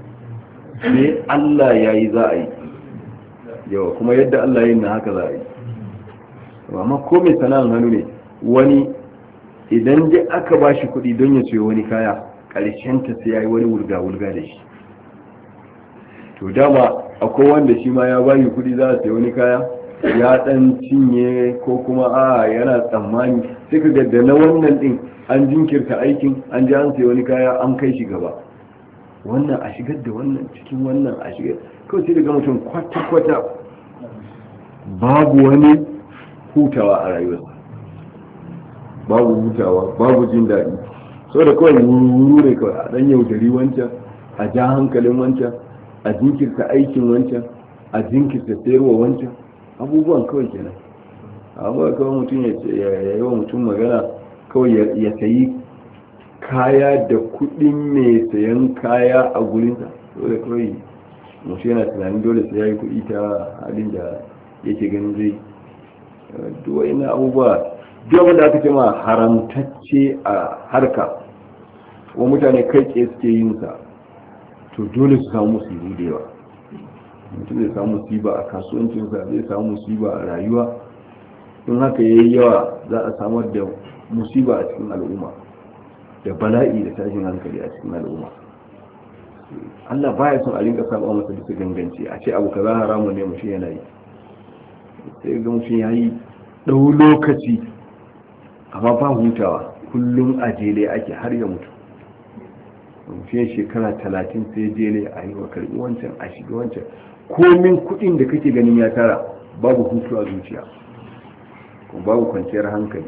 ne Allah ya yi za a yi yawa kuma yadda Allah yi na haka za a yi amma komai sana'ar hannu ne wani idan dai aka ba shi kuɗi don ya sayo wani kaya ƙarshen ta sai ya yi wani wulga-wulga da shi to dama akwai wanda shi ma ya ba shi kuɗi za a sai wani kaya ya ɗan cinye ko kuma a yana tsammani sai ka da na wannan ɗin an jinkirta aikin an ji an sai wani kaya an kai shi gaba wannan a shigar da wannan cikin wannan a shigar kawai sai daga mutum kwata-kwata babu wani hutawa a rayuwarsa babu mutawa babu jin daɗi so da kawai wuru ne kawai a ɗan yaudari wancan a ja hankalin wancan a jinkirta aikin wancan a jinkirta sayarwa wancan abubuwan kawai kenan abubuwa kawai mutum ya yi wa mutum magana kawai ya sayi kaya da kuɗin mai sayan kaya a gurinsa da kawai mutum yana tunanin dole sai ya yi kuɗi ta halin da yake ganin zai eh, duwa ina abubuwa duk wanda da aka ce ma haramtacce a harka wa mutane kai ke suke yin sa to dole su samu musibu da yawa mutum zai samu musiba a kasuwancinsa zai samu musiba a rayuwa in haka yayi yawa za a samar da musiba a cikin al'umma da bala'i da tashin hankali a cikin al'umma Allah baya son a rinka saba masa duka ganganci a ce abu kaza haramun ne mutum yana yi sai ga mutum ya yi ɗau lokaci amma ba hutawa kullum a jele ake har ya mutu fiye shekara talatin sai jele a yi wa karbi wancan a shiga wancan komin kudin da kake ganin ya tara babu hutu a zuciya babu kwanciyar hankali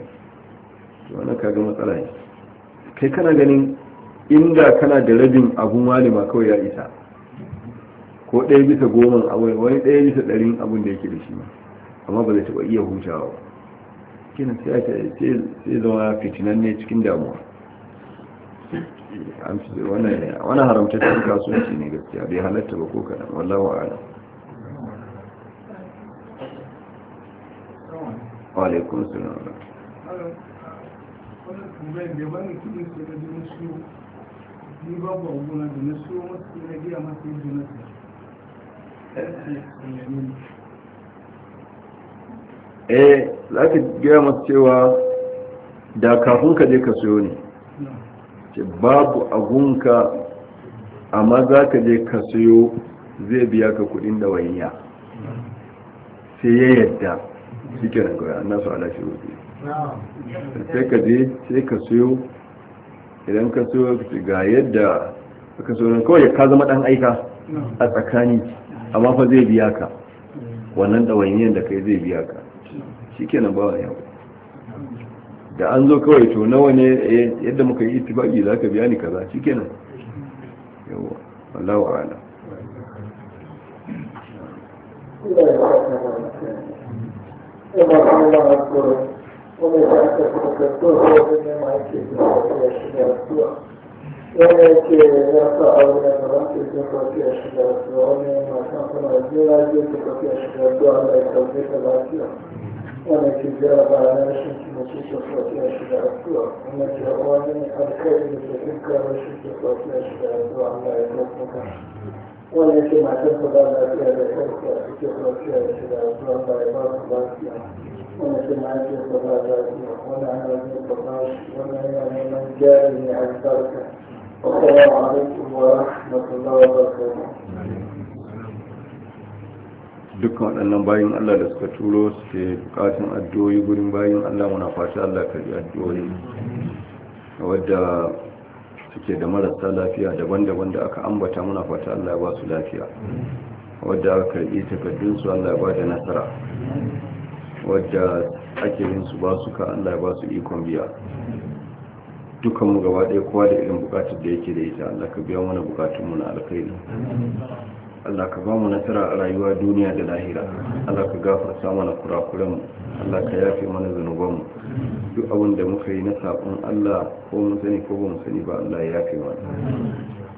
wani kaga matsala ne kai kana ganin inda kana da rabin abun walima kawai ya isa ko ɗaya bisa goma wani ɗaya bisa ɗarin abun da yake da shi amma ba zai taɓa iya hutawa ba A sai zama fitinan ne cikin damuwa wani haramtattun kasuwanci ne gaskiya bai halatta ba ko kanan wallawa ala ni babu da na masu masu yin eh za ka gaya masu cewa da kafin ka je ka siyo ne ce babu agunka amma za ka je ka siyo zai biya ka kudin da wayya sai ya yadda suke na gaya an nasu alashi wuce sai ka je sai ka siyo idan ka siyo ga yadda ka siyo kawai ka zama dan aika a tsakani amma fa zai biya ka wannan ɗawainiyar da kai zai biya ka shi kenan ba wani abu da an zo kawai to nawa ne eh, yadda muka yi itibaki za ka biya ni kaza shi kenan yawa Allah wa ala ya sa ta a shiga wani kuma jira ce ta zuwa da ya ta lafiya onaj će djelava na rešnici na čisto svoj da rastuo. Ona će ovaj njeni arkevi da se prika rešnici svoj tješi da rastuo, a ona je dobro kašno. Ona će ima tako da da je da je da je da je da je da je da je da je da je da je da ona će najti dukkan waɗannan bayan Allah da suka turo suke bukatun addu'o'i gurin bayan Allah muna fata Allah karbi addu'o'i wadda suke da marasta lafiya daban-daban da aka ambata muna fata Allah ba su lafiya wadda aka karbi takardunsu Allah ba da nasara wadda ake yin su ba su ka Allah ba su ikon biya dukkan mu gaba ɗaya kowa da irin bukatun da yake da ita Allah ka biya mana bukatun mu na alkhairi Allah ka ba mu nasara a rayuwa duniya da lahira Allah ka gafarta mana kurakuren mu Allah ka yafe mana zanuban mu duk abin da muka yi na sabon Allah ko mun sani ko ba mu sani ba Allah ya yafe mana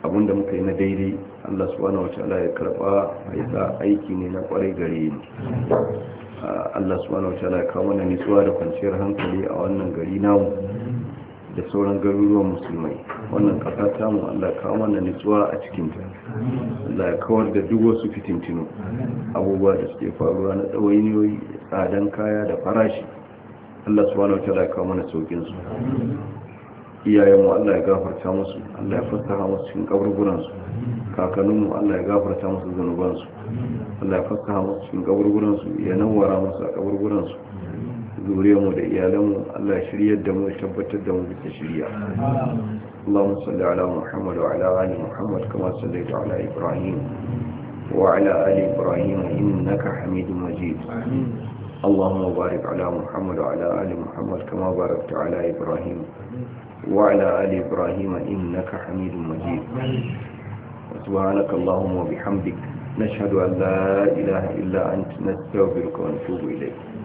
abin da muka yi na daidai Allah subhanahu wataala ya karba ya sa aiki ne na kwarai gare ni Allah subhanahu wataala ya kawo mana nutsuwa da kwanciyar hankali a wannan gari namu da sauran garuruwan musulmai wannan ƙasa tamu Allah kawo mana nutsuwa a cikinta Allah ya kawar da duk wasu fitintino abubuwa da suke faruwa na tsawainiyoyi tsadan kaya da farashi Allah subhanahu wataala ya kawo mana saukin su iyayenmu Allah ya gafarta musu Allah ya fassara musu cikin kaburburan su kakanninmu Allah ya gafarta musu zanuban su Allah ya fassara musu cikin kaburburan su ya nawara musu a kaburburan su zuriyarmu da iyalanmu Allah ya shiryar da mu ya tabbatar da mu bisa shirya اللهم صل على محمد وعلى آل محمد كما صليت على إبراهيم وعلى آل إبراهيم إنك حميد مجيد آمين. اللهم بارك على محمد وعلى آل محمد كما باركت على إبراهيم وعلى آل إبراهيم إنك حميد مجيد سبحانك اللهم وبحمدك نشهد أن لا إله إلا أنت نستغفرك ونتوب إليك